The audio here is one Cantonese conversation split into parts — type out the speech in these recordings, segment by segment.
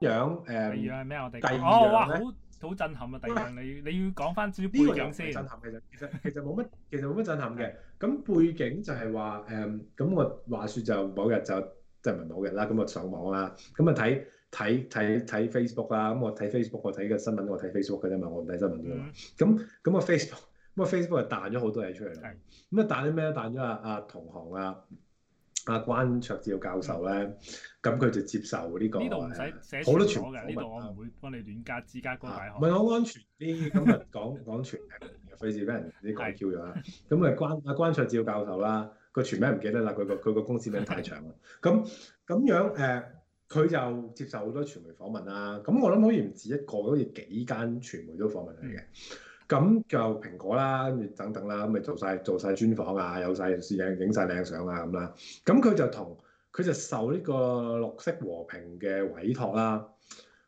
樣誒，第二樣咧，好震撼啊！第二樣你你要講翻啲背景先，震撼嘅啫。其實其實冇乜，其實冇乜震撼嘅。咁背景就係話誒，咁我話說就某日就即係唔係某日啦，咁我上網啦，咁啊睇睇睇睇 Facebook 啦。咁我睇 Facebook，我睇個新聞，我睇 Facebook 嘅啫嘛，我唔睇新聞啲嘛。咁咁我 Facebook，咁我 Facebook 就彈咗好多嘢出嚟啦。咁啊彈啲咩咧？彈咗啊啊同行啊。阿關卓照教，教授咧，咁佢、嗯、就接受呢、呢個，呢度唔使寫清楚嘅，呢度我唔會幫你亂加之加冠帶唔係好安全啲， 今日講講傳媒，費事俾人你講叫咗啦。咁啊， 關阿關卓照教，教授啦，個全名唔記得啦，佢個佢個公司名太長啦。咁咁 樣誒，佢就接受好多傳媒訪問啦。咁 我諗可以唔止一個，好似幾間傳媒都訪問佢嘅。 咁就蘋果啦，等等啦，咁咪做晒做曬專訪啊，有晒人影影晒靚相啊，咁啦。咁佢就同佢就受呢個綠色和平嘅委託啦，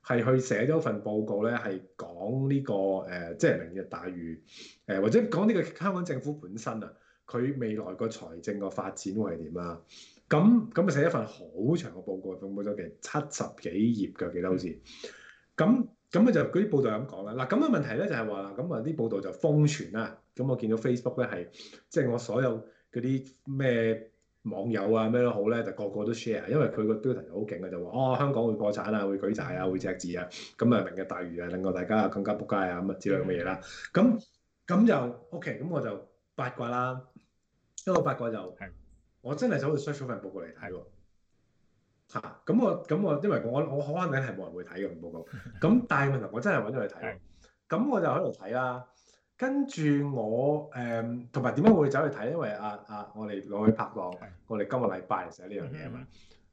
係去寫咗份報告咧，係講呢、呢個誒、呃，即係明日大嶼，誒、呃，或者講呢個香港政府本身啊，佢未來個財政個發展會係點啊？咁咁啊，就寫一份好長嘅報告，冇咗幾七十幾頁嘅幾多字？咁、嗯。咁佢就嗰啲報道咁講啦，嗱，咁嘅問題咧就係話啦，咁啊啲報道就瘋傳啦，咁我見到 Facebook 咧係即係、就是、我所有嗰啲咩網友啊咩都好咧，就個個都 share，因為佢個標題就好勁嘅，就話哦香港會破產啊，會舉債啊，會赤字啊，咁啊明日大嶼啊，令到大家更加仆街啊咁啊，之類咁嘅嘢啦。咁、嗯、咁就 OK，咁我就八卦啦，一個八卦就的我真係走去 search 份報告嚟睇喎。咁、啊、我咁我，因為我我好肯定係冇人會睇嘅份報告。咁但係問題，我真係揾咗去睇。咁 我就喺度睇啦。跟住我誒，同埋點解會走去睇？因為阿、啊、阿、啊、我哋攞去拍檔，我哋今個禮拜寫呢樣嘢啊嘛。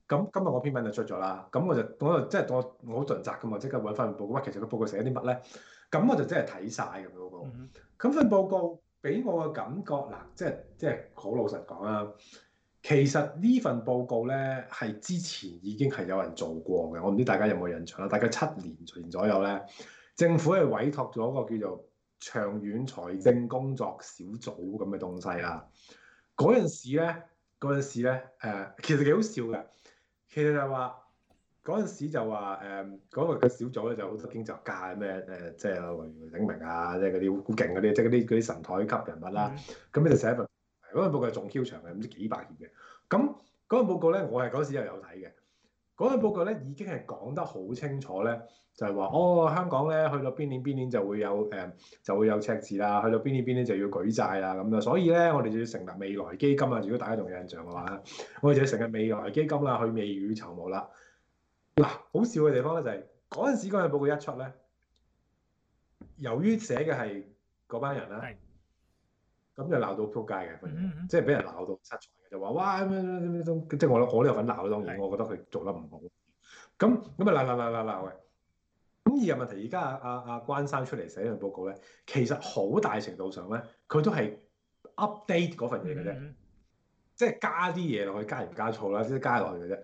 咁 今日個篇文就出咗啦。咁我就我就真係、就是、我我好盡責噶嘛，即刻揾翻份報告。其實個報告寫啲乜咧？咁我就真係睇晒咁嘅報告。咁份報告俾我嘅感覺，嗱、呃，即係即係好老實講啦。其實呢份報告咧，係之前已經係有人做過嘅。我唔知大家有冇印象啦。大概七年前左右咧，政府係委託咗一個叫做長遠財政工作小組咁嘅東西啦。嗰陣時咧，嗰陣時咧，誒其實幾好笑嘅。其實就話嗰陣時就話誒嗰個嘅小組咧就好多經濟家，咩誒即係李明啊，即係嗰啲好勁嗰啲，即係嗰啲嗰啲神台級人物啦、啊。咁你、嗯、就寫一份。嗰份報告係仲 Q 長嘅，唔知幾百頁嘅。咁嗰份報告咧，我係嗰時又有睇嘅。嗰份報告咧，已經係講得好清楚咧，就係話哦，香港咧去到邊年邊年就會有誒，就會有赤字啦，去到邊年邊年就要舉債啊咁樣，所以咧，我哋就要成立未來基金啊。如果大家仲有印象嘅話，我哋就要成立未來基金啦，去未雨綢繆啦。嗱，好笑嘅地方咧就係嗰陣時嗰份報告一出咧，由於寫嘅係嗰班人啦。咁就鬧到仆街嘅，即係俾人鬧到失嘅，就話哇咁樣咁樣咁，即係我我都有份鬧啦。當然，我覺得佢做得唔好。咁咁啊鬧鬧鬧鬧鬧喂。咁而問題，而家阿阿阿關生出嚟寫呢份報告咧，其實好大程度上咧，佢都係 update 嗰份嘢嘅啫，即係加啲嘢落去，加鹽加醋啦，即係加落去嘅啫。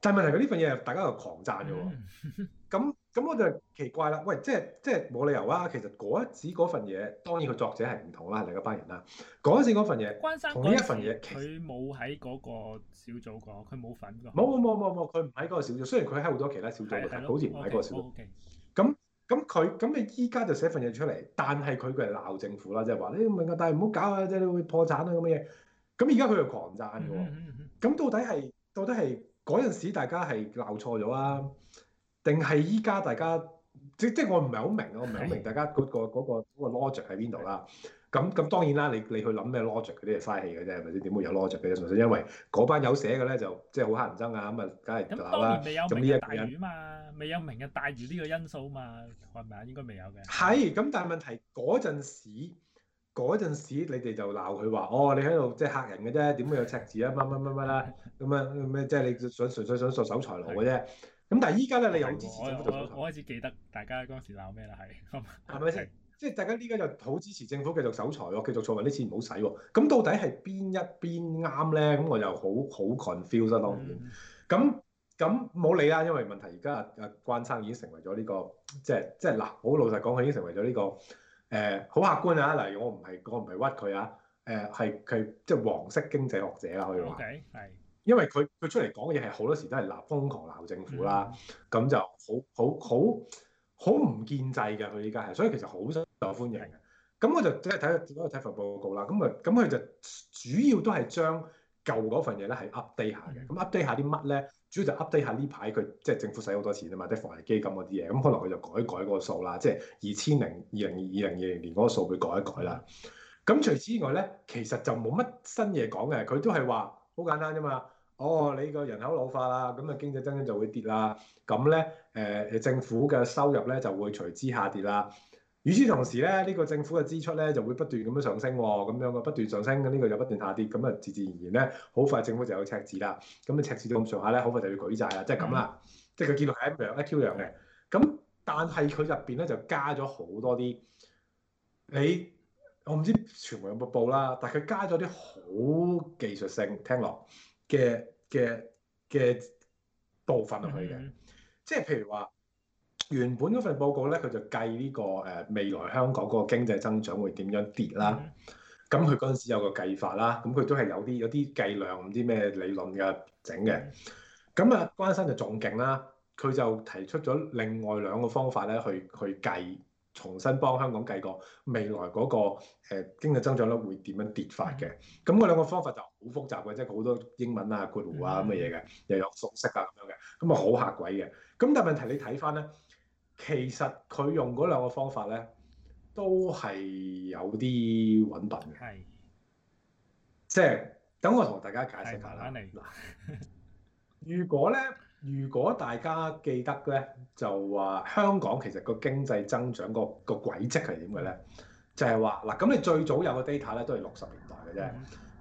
但係問題，佢呢份嘢大家又狂贊咗，咁。咁我就奇怪啦，喂，即係即係冇理由啊！其實嗰一紙嗰份嘢，當然佢作者係唔同啦，另一班人啦。嗰陣時嗰份嘢，同呢一份嘢，佢冇喺嗰個小組講，佢冇份㗎。冇冇冇冇冇，佢唔喺嗰個小組，個小組。雖然佢喺好多其他小組，的的好似唔喺嗰個小組。咁咁佢咁你依家就寫份嘢出嚟，但係佢佢係鬧政府啦、啊，即係話你明㗎，但係唔好搞啊，即係你會破產啊咁嘅嘢。咁而家佢就狂讚喎。咁、mm hmm. 到底係到底係嗰陣時大家係鬧錯咗啊？Mm hmm. 定係依家大家，即即我唔係好明，我唔係好明大家嗰個嗰 logic 喺邊度啦。咁咁當然啦，你你去諗咩 logic 嗰啲係嘥氣嘅啫，係咪先？點會有 logic 嘅啫？純粹因為嗰班友寫嘅咧，就即係好乞人憎啊！咁啊，梗係鬧啦，未有明日大嶼嘛，未有明日大嶼呢個因素嘛，係咪啊？應該未有嘅。係咁，但係問題，嗰陣時嗰陣時，你哋就鬧佢話：哦，你喺度即係嚇人嘅啫，點會有赤字啊？乜乜乜乜啦？咁啊咩？即係你想純粹想索手財路嘅啫。咁但係依家咧，你好支持政府，我我開始記得大家嗰陣時鬧咩啦，係係咪先？即係大家依家就好支持政府繼續守財喎係，繼續儲埋啲錢唔好使喎。咁到底係邊一邊啱咧？咁我又好好 confused，當然。咁咁冇理啦，因為問題而家啊，關生已經成為咗呢個，即係即係嗱，好老實講，佢已經成為咗呢個誒好客觀啊。嗱，我唔係我唔係屈佢啊，誒係佢即係黃色經濟學者啦，可以話係。Okay, 因為佢佢出嚟講嘅嘢係好多時都係嗱瘋狂鬧政府啦，咁、嗯、就好好好好唔建制嘅佢依家係，所以其實好受歡迎嘅。咁我就即係睇咗個 t a 報告啦，咁啊咁佢就主要都係將舊嗰份嘢咧係 update 下嘅。咁、嗯、update 下啲乜咧？主要 up 就 update 下呢排佢即係政府使好多錢啊嘛，啲、就是、防疫基金嗰啲嘢。咁可能佢就改改嗰個數啦，即係二千零二零二零二零年嗰個數佢改一改啦。咁、嗯、除此之外咧，其實就冇乜新嘢講嘅。佢都係話好簡單啫嘛。哦，你個人口老化啦，咁啊經濟增長就會跌啦，咁咧誒政府嘅收入咧就會隨之下跌啦。與此同時咧，呢、這個政府嘅支出咧就會不斷咁樣上升，哦，咁樣個不斷上升嘅呢、這個就不斷下跌，咁啊自自然然咧好快政府就有赤字啦。咁啊赤字到咁上下咧，好快就要舉債啦，就是嗯、即係咁啦，即係佢見到係一樣一樣嘅。咁、嗯、但係佢入邊咧就加咗好多啲，你我唔知傳媒有冇報啦，但係佢加咗啲好技術性聽落。嘅嘅嘅部分落去嘅，即係譬如話，原本嗰份報告咧，佢就計呢、呢個誒、呃、未來香港嗰個經濟增長會點樣跌啦。咁佢嗰陣時有個計法啦，咁佢都係有啲有啲計量唔知咩理論嘅、啊、整嘅。咁啊、嗯、關生就仲勁啦，佢就提出咗另外兩個方法咧去去計，重新幫香港計過未來嗰、那個誒、呃、經濟增長率會點樣跌法嘅，咁嗰、嗯、兩個方法就好複雜嘅，即係好多英文啊、括弧啊咁嘅嘢嘅，又有數式啊咁樣嘅，咁啊好嚇鬼嘅。咁但係問題你睇翻咧，其實佢用嗰兩個方法咧，都係有啲穩笨嘅，係是，即係等我同大家解釋下啦。嗱，如果咧。如果大家記得咧，就話香港其實個經濟增長個個軌跡係點嘅咧，就係話嗱，咁你最早有個 data 咧都係六十年代嘅啫。咁、嗯、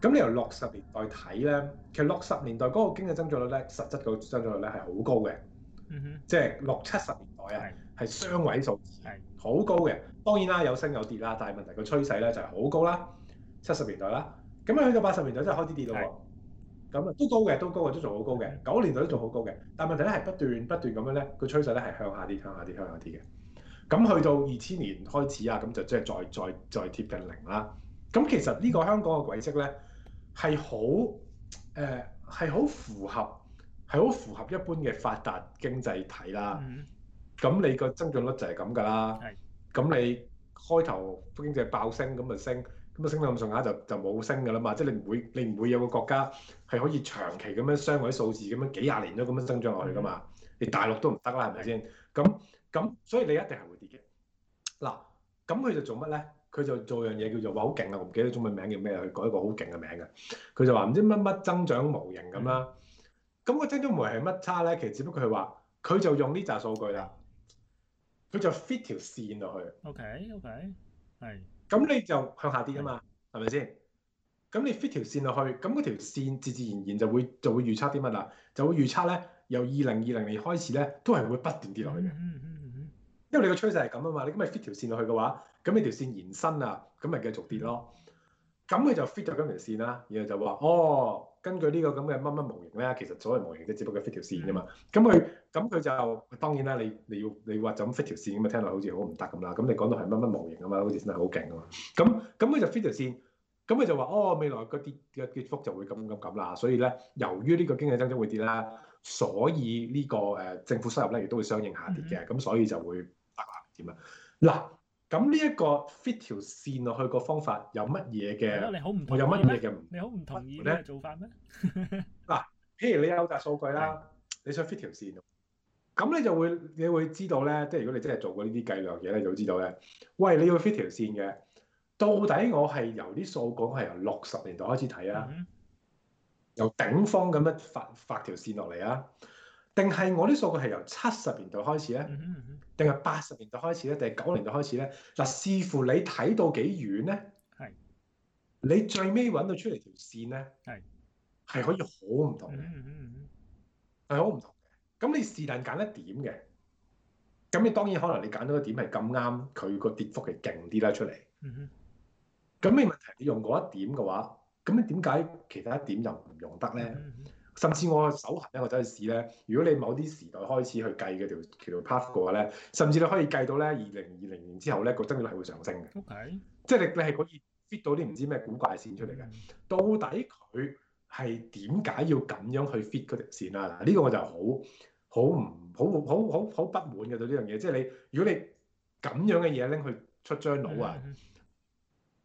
哼你由六十年代睇咧，其實六十年代嗰個經濟增長率咧，實質個增長率咧係好高嘅。嗯、哼。即係六七十年代啊，係、嗯、哼雙位數字，係好、嗯、哼高嘅。當然啦，有升有跌啦，但係問題個趨勢咧就係好高啦。七十年代啦，咁啊去到八十年代就開始跌到。嗯咁都高嘅，都高嘅，都仲好高嘅，嗯、九個年代都仲好高嘅。但問題咧，係不斷不斷咁樣咧，個趨勢咧係向下啲，向下啲，向下啲嘅。咁去到二千年開始啊，咁就即係再再再貼近零啦。咁其實呢個香港嘅軌跡咧係好誒，係好、呃、符合係好符合一般嘅發達經濟體啦。咁、嗯、你個增長率就係咁㗎啦。咁是你開頭經濟爆升，咁就升。咁啊，升到咁上下就就冇升噶啦嘛！即係你唔會，你唔會有個國家係可以長期咁樣雙位數字咁樣幾廿年都咁樣增長落去噶嘛？嗯、你大陸都唔得啦，係咪先？咁咁，所以你一定係會跌嘅。嗱，咁佢就做乜咧？佢就做樣嘢叫做話好勁啦！我唔記得中文名叫咩，佢改一個好勁嘅名嘅。佢就話唔知乜乜增長模型咁啦。咁、嗯、個增長模型係乜叉咧？其實只不過係話，佢就用呢紮數據啦，佢就 fit 條線落去。OK，OK，okay, okay. 係。咁你就向下跌啊嘛，係咪先？咁你 fit 條線落去，咁嗰條線自自然然就會就會預測啲乜啦？就會預測咧，由二零二零年開始咧，都係會不斷跌落去嘅。嗯嗯嗯，因為你個趨勢係咁啊嘛，你咁咪 fit 條線落去嘅話，咁你條線延伸啊，咁咪繼續跌咯。咁佢就 fit 咗咁條線啦，然後就話哦。根據呢個咁嘅乜乜模型咧，其實所謂模型啫，只不過 fit 條線啫嘛。咁佢咁佢就當然啦，你你要你話就咁 fit 條線咁啊，聽落好似好唔得咁啦。咁你講到係乜乜模型啊嘛，好似真係好勁啊嘛。咁咁佢就 fit 條線，咁佢就話哦，未來個跌嘅跌，跌幅就會咁咁咁啦。所以咧，由於呢個經濟增長會跌啦，所以呢個誒政府收入咧亦都會相應下跌嘅。咁、mm hmm. 所以就會點啊嗱。咁呢一個 fit 條線落去個方法有乜嘢嘅？你同我有乜嘢嘅你好唔同意咧做法咩？嗱、 啊，譬如你有個數據啦，的你想 fit 條線，咁你就會你會知道咧，即係如果你真係做過呢啲計量嘢咧，你就會知道咧。喂，你要 fit 條線嘅，到底我係由啲數據係由六十年代開始睇啊，的由頂方咁樣發發條線落嚟啊！定係我啲數據係由七十年代開始咧，定係八十年代開始咧，定係九零代開始咧？嗱，視乎你睇到幾遠咧，係、mm hmm. 你最尾揾到出嚟條線咧，係係、mm hmm. 可以好唔同嘅，係好唔同嘅。咁你是但揀一點嘅，咁你當然可能你揀到個點係咁啱，佢個跌幅係勁啲啦出嚟。咁咩問題？Hmm. 你用嗰一點嘅話，咁你點解其他一點就唔用得咧？Mm hmm. 甚至我手下咧，我走去試咧。如果你某啲時代開始去計嗰條條 path 嘅話咧，甚至你可以計到咧，二零二零年之後咧個增率係會上升嘅。Okay. 即係你你係可以 fit 到啲唔知咩古怪線出嚟嘅。嗯、到底佢係點解要咁樣去 fit 嗰條線啊？呢、呢個我就好好唔好好好好不滿嘅對呢樣嘢。即係你如果你咁樣嘅嘢拎去出張腦啊！嗯嗯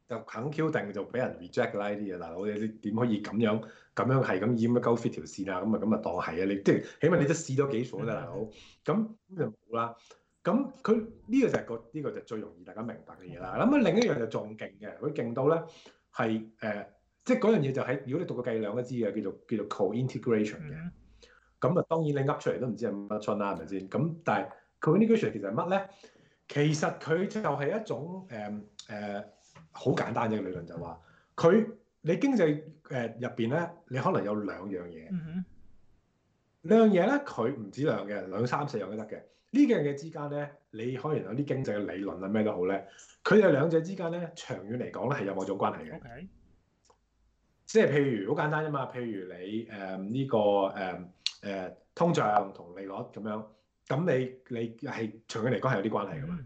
就肯 Q 定就俾人 reject 啦呢啲嘢，大佬你點可以咁樣咁樣係咁淹一溝 fit 條線啊？咁啊咁啊當係啊！你即係起碼你都試咗幾所啦，大佬咁、mm hmm. 就冇啦。咁佢呢個就係個呢、呢個就最容易大家明白嘅嘢啦。咁啊、mm hmm. 另一樣就仲勁嘅，佢勁到咧係誒，即係嗰樣嘢就喺、係、如果你讀過計量都知嘅，叫做叫做 co-integration 嘅。咁啊、mm hmm. 當然你噏出嚟都唔知係乜春啦，係咪先？咁但係 co-integration 其實係乜咧？其實佢就係一種誒誒。呃呃呃好簡單嘅理論就話佢你經濟誒入邊咧，你可能有兩樣嘢。兩樣嘢咧，佢唔止兩嘅，兩三四樣都得嘅。呢幾樣嘢之間咧，你可能有啲經濟嘅理論啊，咩都好咧。佢哋兩者之間咧，長遠嚟講咧係有某種關係嘅。Okay. 即係譬如好簡單啫嘛，譬如你誒呢、呃呢個誒誒、呃呃、通脹同利率咁樣，咁你你係長遠嚟講係有啲關係㗎嘛。咁、嗯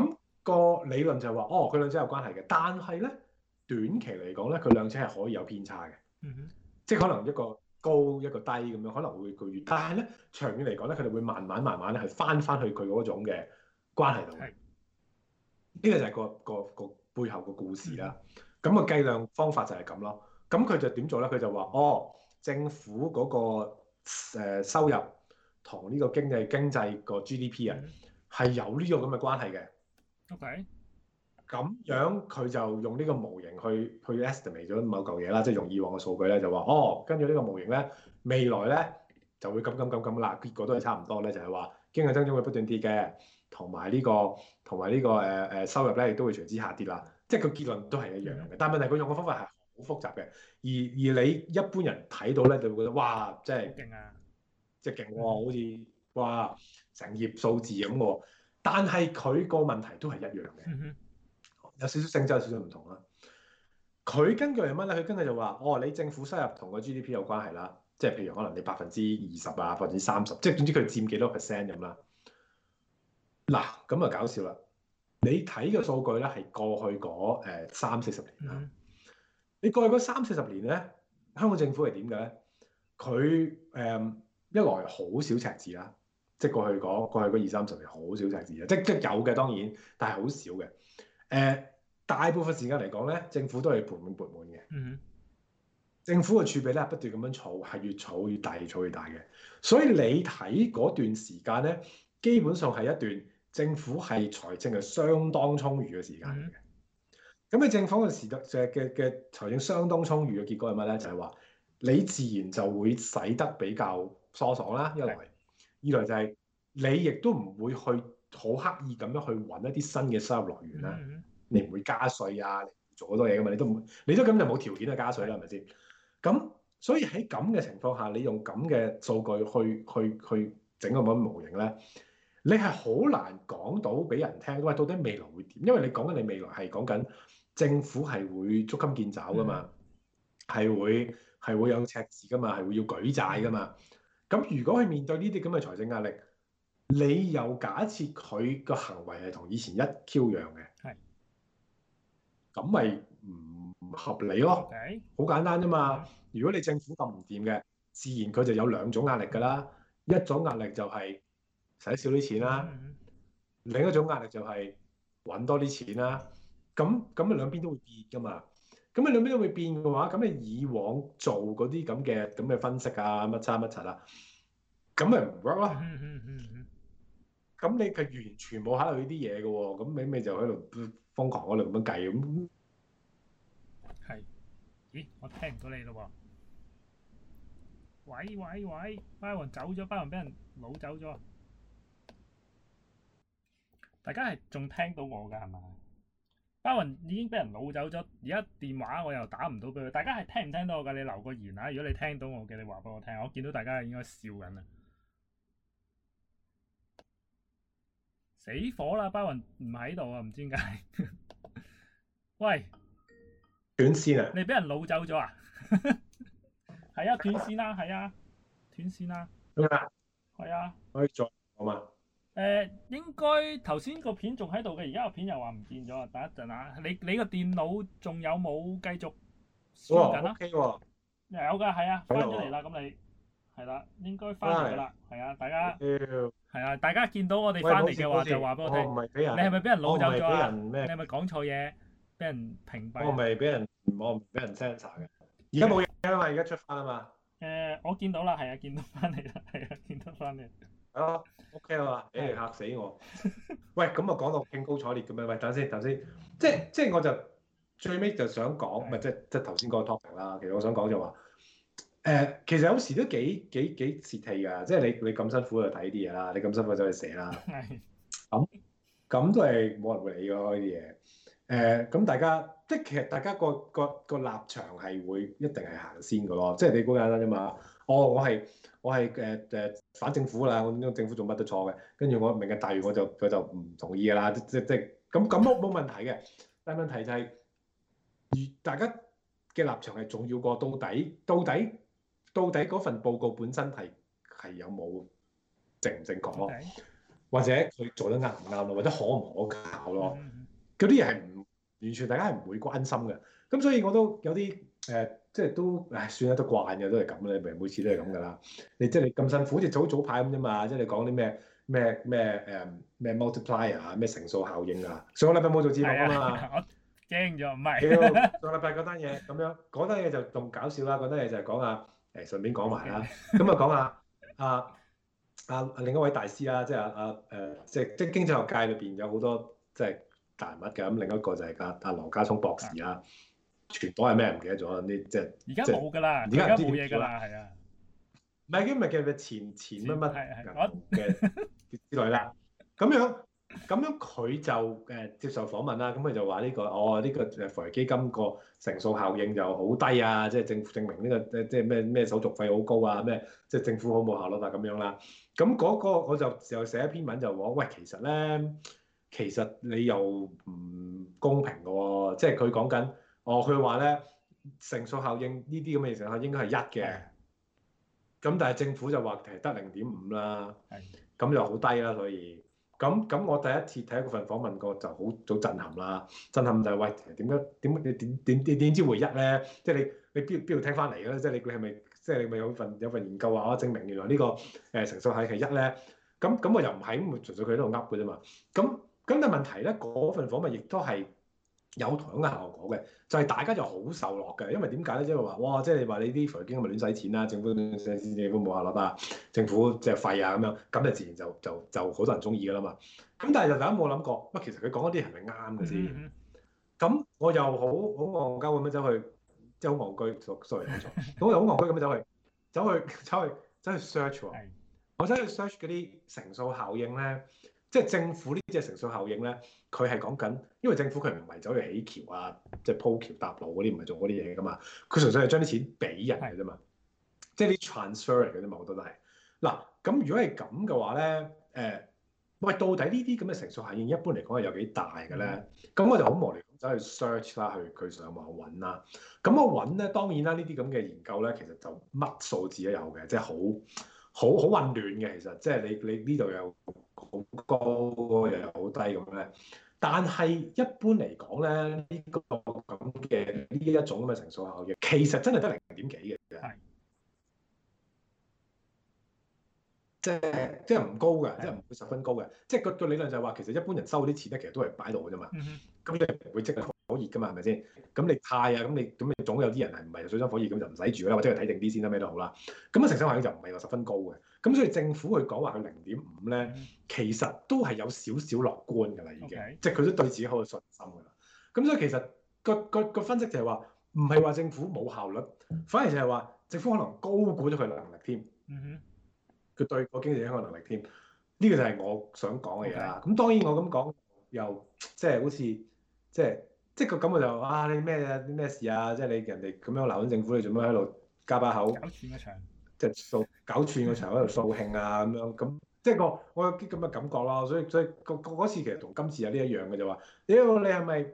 哼嗯個理論就係話，哦，佢兩者有關係嘅，但係咧短期嚟講咧，佢兩者係可以有偏差嘅，mm hmm. 即係可能一個高一個低咁樣，可能會個月，但係咧長遠嚟講咧，佢哋會慢慢慢慢咧係翻翻去佢嗰種嘅關係度呢、mm hmm. 個就係個個個背後個故事啦。咁、mm hmm. 個計量方法就係咁咯。咁佢就點做咧？佢就話，哦，政府嗰個誒收入同呢個經濟經濟個 GDP 啊，係有呢個咁嘅關係嘅。咁 Okay. 樣佢就用呢個模型去去 estimate 咗某嚿嘢啦，即係用以往嘅數據咧就話，哦，跟住呢個模型咧未來咧就會咁咁咁咁啦，結果都係差唔多咧，就係、是、話經濟增長會不斷跌嘅，同埋呢個同埋呢個誒誒、呃呃、收入咧亦都會隨之下跌啦，即係個結論都係一樣嘅。Mm hmm. 但係問題佢用嘅方法係好複雜嘅，而而你一般人睇到咧就會覺得哇，即係勁啊，即係勁喎，好似、mm hmm. 哇成頁數字咁喎。但係佢個問題都係一樣嘅，有少少性質有少少唔同啦。佢根據係乜咧？佢根據就話：哦，你政府收入同個 GDP 有關係啦，即係譬如可能你百分之二十啊，百分之三十，即係總之佢佔幾多 percent 咁啦。嗱、啊，咁啊搞笑啦！你睇個數據咧係過去嗰三四十年啦。嗯、你過去嗰三四十年咧，香港政府係點嘅咧？佢誒一來好少赤字啦。即係過去嗰過去嗰二三十年好少赤字嘅，即即有嘅當然，但係好少嘅。誒、呃，大部分時間嚟講咧，政府都係盤滿缽滿嘅。嗯。政府嘅儲備咧，不斷咁樣儲，係越儲越大，越儲越大嘅。所以你睇嗰段時間咧，基本上係一段政府係財政係相當充裕嘅時間嚟嘅。咁喺、嗯、政府嘅時代嘅嘅嘅財政相當充裕嘅結果係乜咧？就係、是、話你自然就會使得比較疏爽啦，一來。二來就係你亦都唔會去好刻意咁樣去揾一啲新嘅收入來源啦，你唔會加稅啊，做好多嘢噶嘛，你都唔你都咁就冇條件去加稅啦、啊，係咪先？咁、hmm. 所以喺咁嘅情況下，你用咁嘅數據去去去整個咁嘅模型咧，你係好難講到俾人聽，喂，到底未來會點？因為你講緊你未來係講緊政府係會捉襟見肘噶嘛，係、mm hmm. 會係會有赤字噶嘛，係會要舉債噶嘛。咁如果佢面對呢啲咁嘅財政壓力，你又假設佢個行為係同以前一 Q 樣嘅，係的，咁咪唔合理咯？好 Okay. 簡單啫嘛。如果你政府咁唔掂嘅，自然佢就有兩種壓力㗎啦。一種壓力就係使少啲錢啦，的另一種壓力就係揾多啲錢啦。咁咁兩邊都會變㗎嘛。咁你兩邊都會變嘅話，咁你以往做嗰啲咁嘅咁嘅分析啊，乜叉乜叉啦，咁咪唔 work 咯。咁 你佢完全冇考慮啲嘢嘅，咁你咪就喺度瘋狂喺度咁樣計。咁係，咦？我聽唔到你咯喎！喂喂喂，Byron 走咗，Byron 俾人攞走咗。大家係仲聽到我噶係咪？巴雲已經畀人老走咗，而家電話我又打唔到畀佢。大家係聽唔聽到我嘅？你留個言啊！如果你聽到我嘅，你話畀我聽。我見到大家應該笑緊啊！死火啦，巴雲唔喺度啊，唔知點解。 喂，斷線啊！你畀人老走咗 啊？係啊，斷線啦，係啊，斷線啦。點啊？係、嗯、啊。可以做！好嗎？誒，應該頭先個片仲喺度嘅，而家個片又話唔見咗啊！等一陣啊，你你個電腦仲有冇繼續用緊啊？有嘅，係啊，翻咗嚟啦，咁你係啦，應該翻嚟啦，係啊，大家係啊，大家見到我哋翻嚟嘅話就話俾我聽，你係咪俾人攞走咗？我唔係俾人咩？你係咪講錯嘢？俾人屏蔽？我唔係俾人，我唔俾人 censor 嘅。而家冇嘢，因為而家出翻啊嘛。誒，我見到啦，係啊，見到翻嚟啦，係啊，見到翻嚟。啊 o k 啊嘛，俾人吓、oh, okay、死我！ 喂，咁啊講到興高采烈嘅咩？喂，等先，等先，即係即係我就最尾就想講，唔係 即即頭先嗰個 topic 啦。其實我想講就話，誒、呃，其實有時都幾幾幾泄氣噶，即係你你咁辛苦就睇啲嘢啦，你咁辛苦就去寫啦。係、 嗯。咁咁都係冇人會理嘅啲嘢。誒，咁、呃嗯、大家即係其實大家個個個立場係會一定係行先嘅咯，即係你估間啦啫嘛。哦，我係。我係誒誒反政府啦，我呢個政府做乜都錯嘅。跟住我明日大嶼，我就佢就唔同意嘅啦。即即即咁咁冇冇問題嘅。但問題就係、是，而大家嘅立場係重要過到底，到底，到底嗰份報告本身係係有冇正唔正確咯？Okay. 或者佢做得啱唔啱咯？或者可唔可靠咯？嗰啲嘢係唔完全，大家係唔會關心嘅。咁所以我都有啲誒。呃即係都唉，算啦，都慣嘅，都係咁啦，咪每次都係咁噶啦。你即係你咁辛苦，好似早早排咁啫嘛。即係你講啲咩咩咩誒咩 multiplier 啊，咩、嗯、乘數效應啊。上個禮拜冇做節目啊嘛，啊我驚咗，唔係。 上個禮拜嗰單嘢咁樣講單嘢就咁搞笑啦，講單嘢就係講下，誒、欸，順便講埋啦。咁 Okay. 啊講下啊啊另一位大師啦、啊，即係啊啊誒，即係即係經濟學界裏邊有好多即係大人物嘅。咁另一個就係個阿羅家聰博士啊。全檔係咩？唔記得咗啦。呢即係而家冇㗎啦，而家冇嘢㗎啦，係啊，唔係佢唔係叫咩錢錢乜乜係係我嘅之類啦。咁說樣咁 樣佢就誒、呃、接受訪問啦。咁佢就話呢、呢個哦呢、呢個誒基金個乘數效應就好低啊，即係證證明呢、呢個即係咩咩手續費好高啊，咩即係政府好冇效率啊咁樣啦。咁嗰個我就就寫一篇文就話喂，其實咧其，其實你又唔公平嘅喎，即係佢講緊。哦，佢話咧乘數效應呢啲咁嘅乘數效應應該係一嘅，咁但係政府就話誒得零點五啦，咁就好低啦，所以咁咁我第一次睇嗰份訪問過就好好震撼啦，震撼就係喂點解點點點點點知會一咧？即係你你邊邊度聽翻嚟嘅咧？即係你你係咪即係你咪有份有份研究話我證明原來呢個誒乘數係係一咧？咁咁我又唔係咁，純粹佢喺度噏嘅啫嘛，咁咁但係問題咧嗰份訪問亦都係。有同樣嘅效果嘅，就係、是、大家就好受落嘅，因為點解咧？即係話哇，即、就、係、是、你話你啲財經咪亂使錢啦、啊，政府政府冇下落啊，政府即係廢啊咁樣，咁就自然就就就好多人中意噶啦嘛。咁但係就大家冇諗過，乜其實佢講嗰啲係咪啱嘅先？咁、嗯嗯、我又好好戇鳩咁樣走去，即係好戇居，sorry，咁 我又好戇居咁樣走去，走去走去走去 search，是我走去 search 嗰啲乘數效應咧。即係政府呢啲即係乘數效應咧，佢係講緊，因為政府佢唔係走去起橋啊，即係鋪橋搭路嗰啲，唔係做嗰啲嘢噶嘛，佢純粹係將啲錢俾人嘅啫嘛，即係啲 transfer 嚟嘅啫嘛，我覺得係。嗱，咁如果係咁嘅話咧，誒，喂，到底呢啲咁嘅乘數效應一般嚟講係有幾大嘅咧？咁，嗯，我就好無聊走去 search 啦，去去上網揾啦。咁我揾咧，當然啦，呢啲咁嘅研究咧，其實乜數字都有嘅，即係好好好混亂嘅，其實即係你你呢度有。好高又好低咁咧，但係一般嚟講咧，呢個咁嘅呢一種咁嘅乘數效應，其實真係得零點幾嘅，即係即係唔高嘅，即係唔會十分高嘅。即係個個理論就係話，其實一般人收啲錢咧，其實都係擺度㗎啫嘛。咁即係唔會即刻。火熱噶嘛，係咪先？咁你太啊，咁你咁咪總有啲人係唔係水深火熱咁就唔使住啦，或者去睇定啲先啦，咩都好啦。咁啊，乘數效應就唔係話十分高嘅。咁所以政府去講話佢零點五咧，mm hmm. 其實都係有少少樂觀噶啦，已經，即係佢都對自己好有信心噶啦。咁所以其實個個個分析就係話，唔係話政府冇效率，反而就係話政府可能高估咗佢能力添。嗯哼、mm，佢、hmm. 對個經濟影響能力添。呢、這個就係我想講嘅嘢啦。咁 Okay. 當然我咁講又即係好似即係。就是就是即係個感覺就哇你咩啊啲咩事啊！即係你人哋咁樣鬧緊政府，你做咩喺度加把口？搞串個場，即係掃搞串個場喺度掃興啊咁樣咁，即係個我有啲咁嘅感覺咯。所以所以個嗰次其實同今次有啲一樣嘅就話：妖你係咪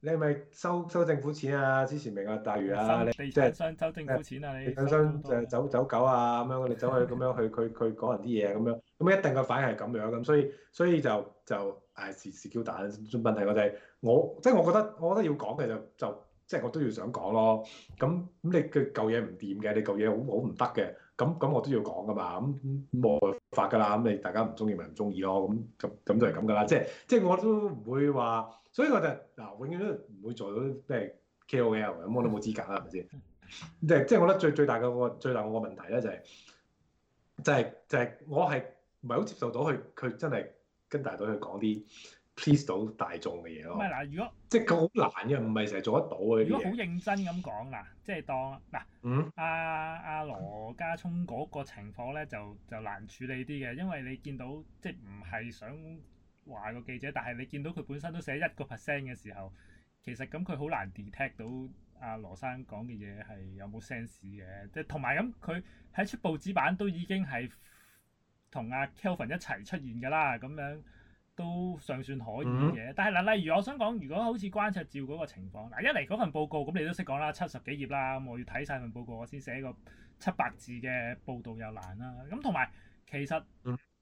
你係咪收收政府錢啊？之前明啊大嶼啊！你即係想收政府錢啊！你即係走走狗啊！咁樣我哋走去咁樣去佢佢講人啲嘢咁樣，咁一定嘅反應係咁樣咁，所以所以就就。係，時時叫蛋。問題就係，我即係我覺得，我覺得要講嘅就就即係、就係、我都要想講咯。咁咁你嘅舊嘢唔掂嘅，你舊嘢好好唔得嘅，咁咁我都要講噶嘛。咁冇法㗎啦。咁你大家唔中意咪唔中意咯。咁咁咁就係咁㗎啦。即係即係我都唔會話，所以我就嗱、啊，永遠都唔會做到即係咩 KOL 咁，我都冇資格啦，係咪先？即係即係我覺得最最大嘅個最大個問題咧、就係，就係、係、就係就係我係唔係好接受到佢佢真係。跟大隊去講啲 please 到大眾嘅嘢咯。唔係嗱，如果即係好難嘅，唔係成日做得到嘅啲嘢。如果好認真咁講啊，即係當嗱，阿阿、啊啊、羅家聰嗰個情況咧，就就難處理啲嘅，因為你見到即係唔係想話個記者，但係你見到佢本身都寫一個 percent 嘅時候，其實咁佢好難 detect 到阿、啊、羅生講嘅嘢係有冇 sense 嘅，即係同埋咁佢喺出報紙版都已經係。同阿 Kelvin 一齊出現㗎啦，咁樣都尚算可以嘅。但係嗱，例如我想講，如果好似關焯照嗰個情況，嗱一嚟嗰份報告，咁你都識講啦，七十幾頁啦，我要睇晒份報告，我先寫個七百字嘅報導又難啦。咁同埋其實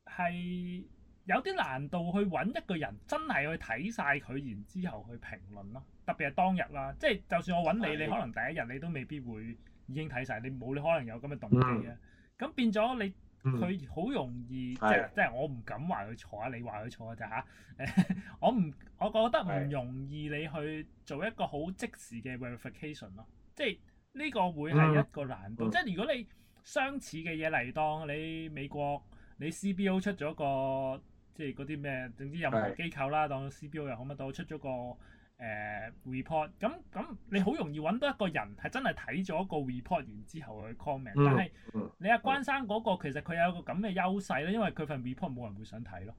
係有啲難度去揾一個人真係去睇晒佢，然之後去評論咯。特別係當日啦，即係就算我揾你，你可能第一日你都未必會已經睇晒，你冇你可能有咁嘅動機嘅。咁變咗你。佢好容易，嗯、即即係我唔敢話佢錯啊，你話佢錯啊就嚇誒， 我唔我覺得唔容易你去做一個好即時嘅 verification 咯、嗯，即係呢、呢個會係一個難度，嗯、即係如果你相似嘅嘢嚟當你美國你 CBO 出咗個即係嗰啲咩，總之任何機構啦，嗯、當 CBO 又好乜都出咗個。嗯嗯誒、uh, report 咁咁你好容易揾到一個人係真係睇咗個 report 完之後去 comment，、嗯嗯、但係你阿關生嗰個其實佢有一個咁嘅優勢咧，嗯、因為佢份 report 冇人會想睇咯。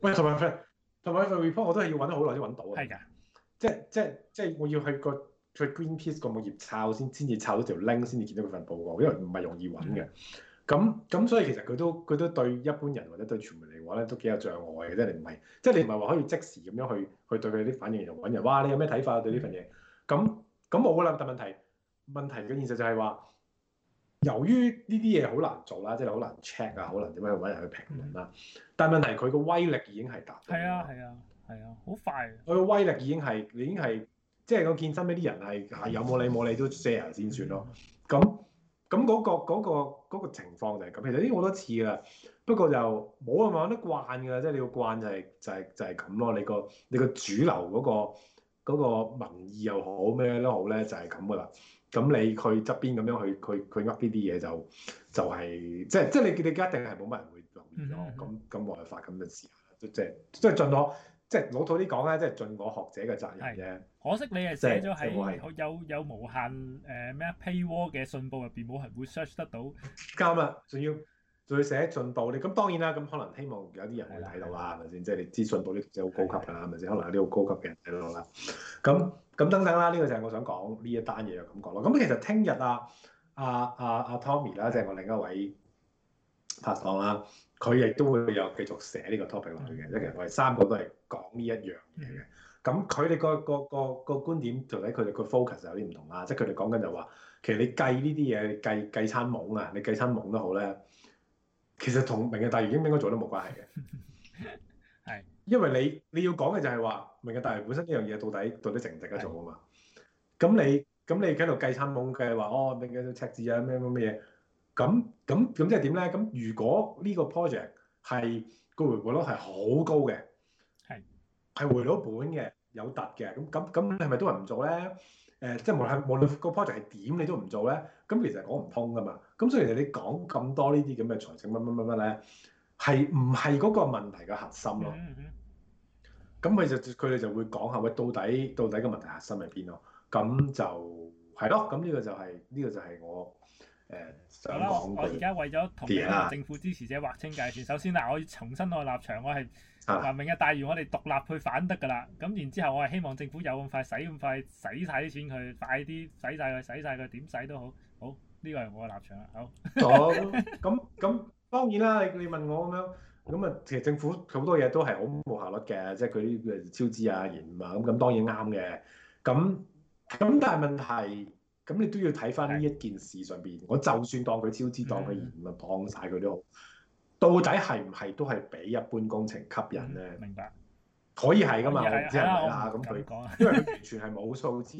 喂， 同埋份同埋份 report 我都係要揾得好耐先揾到啊。係㗎的，即係即係即係我要去個 Greenpeace 個網頁抄先先至抄到條 link 先至見到佢份報告，因為唔係容易揾嘅。咁咁、嗯、所以其實佢都佢都對一般人或者對全部人。都幾有障礙嘅，即你唔係，即係你唔係話可以即時咁樣去去對佢啲反應，就揾人。哇！你有咩睇法對呢份嘢？咁咁冇啦，但問題問題嘅現實就係話，由於呢啲嘢好難做啦，即係好難 check 啊，好難點樣去揾人去評論啦。的但係問題佢個威力已經係達到。係啊，係啊，係啊，好快。佢個威力已經係已經係，即係個健身嗰啲人係係、啊、有冇你冇你都 share 先算咯。咁咁嗰個嗰、嗰個嗰個嗰個、情況就係咁。其實已經好多次啦。不過就冇啊嘛，都得慣㗎，即係你要慣就係、係、就係、係、就係咁咯。你個你個主流嗰、嗰個嗰個民意又好咩都好咧，就係咁噶啦。咁你去側邊咁樣去佢去噏呢啲嘢就就係即係即係你你而家一定係冇乜人會留意咯。咁咁外發咁嘅事，即即即係盡我即係、就係、老土啲講咧，即、就、係、係、盡我學者嘅責任啫。可惜你係寫咗係有、就係就係、有，有無限誒咩、呃、paywall 嘅信報入邊冇係會 search 得到、嗯，啱啦，仲要。再寫進步，你咁當然啦，咁可能希望有啲人去睇到啦，係咪先？即係你資訊報啲字好高級噶啦，係咪先？可能有啲好高級嘅人睇到啦。咁咁等等啦，呢、這個就係我想講呢一單嘢嘅感覺咯。咁其實聽日啊阿啊啊 Tommy 啦，即係我另一位拍 a 啦、啊，佢亦都會有繼續寫呢個 topic 落去嘅。即係的其實我哋三個都係講呢一樣嘢嘅。咁佢哋個個個個觀點，點同埋佢哋個 focus 有啲唔同啊。即係佢哋講緊就話、是，其實你計呢啲嘢，計計餐夢啊，你計餐夢都好咧。其實同明日大嶼應該做都冇關係嘅，係， 是的 因為你你要講嘅就係話，明日大嶼本身呢樣嘢到底到底值唔值得做啊嘛？咁是的 你咁你喺度計餐懵計話，哦，咩嘅赤字啊，咩咩咩嘢？咁咁咁即係點咧？咁如果呢個 project 係個回報率係好高嘅，係係是的 回到本嘅，有突嘅，咁咁咁你係咪都係唔做咧？誒、呃，即係無論無論個 project 係點，你都唔做咧？咁其實講唔通噶嘛，咁所以其實你講咁多呢啲咁嘅財政乜乜乜乜咧，係唔係嗰個問題嘅核心咯？咁咪、mm hmm. 就佢哋就會講下喂，到底到底個問題核心係邊咯？咁就係咯，咁呢個就係、係、呢、呢個就係我誒想講我而家為咗同政府支持者劃清界線，嗯、首先嗱，我要重新去立場，我係明嘅，大於我哋獨立去反得噶啦。咁然之後，我係希望政府有咁快使咁快使晒啲錢佢，快啲使晒，佢，使晒，佢點使都好。呢個係我嘅立場啦。好，咁咁、 哦、當然啦。你你問我咁樣，咁啊，其實政府好多嘢都係好無效率嘅，即係佢啲超支啊、延誤啊。咁咁當然啱嘅。咁咁但係問題，咁你都要睇翻呢一件事上邊。的我就算當佢超支、當佢延誤、當晒佢都，好，到底係唔係都係比一般工程吸引咧？明白？可以係噶嘛？我唔知係咪啦、啊。咁佢講，因為佢完全係冇數字、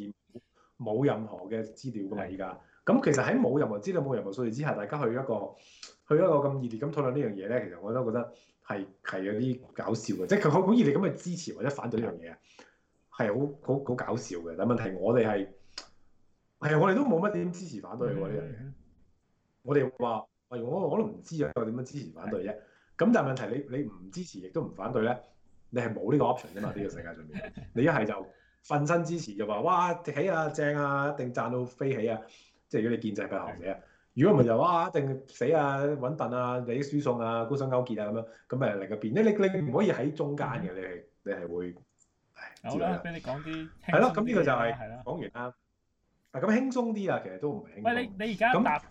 冇 任何嘅資料噶嘛，而家。咁其實喺冇任何資料、冇任何數據之下，大家去一個去一個咁熱烈咁討論呢樣嘢咧，其實我都覺得係係有啲搞笑嘅，即係佢好熱烈咁去支持或者反對呢樣嘢，係好好好搞笑嘅。但問題我哋係係我哋都冇乜點支持反對呢樣嘢，我哋話我我都唔知啊，我點樣支持反對啫？咁但係問題你你唔支持亦都唔反對咧，你係冇呢個 option 㗎嘛？呢個世界上面，你一係就瞓身支持就話哇起啊正啊，一定賺到飛起啊！即係如果你建制佢後嘢啊，的如果唔係就話一定死啊，搵笨啊，你輸送啊，孤身勾結啊咁樣，咁咪嚟個邊？你你唔可以喺中間嘅，你係你係會知啦。俾你講啲係咯，咁呢個就係講完啦。啊，咁輕鬆啲、就是、啊鬆，其實都唔輕鬆。餵你而家咁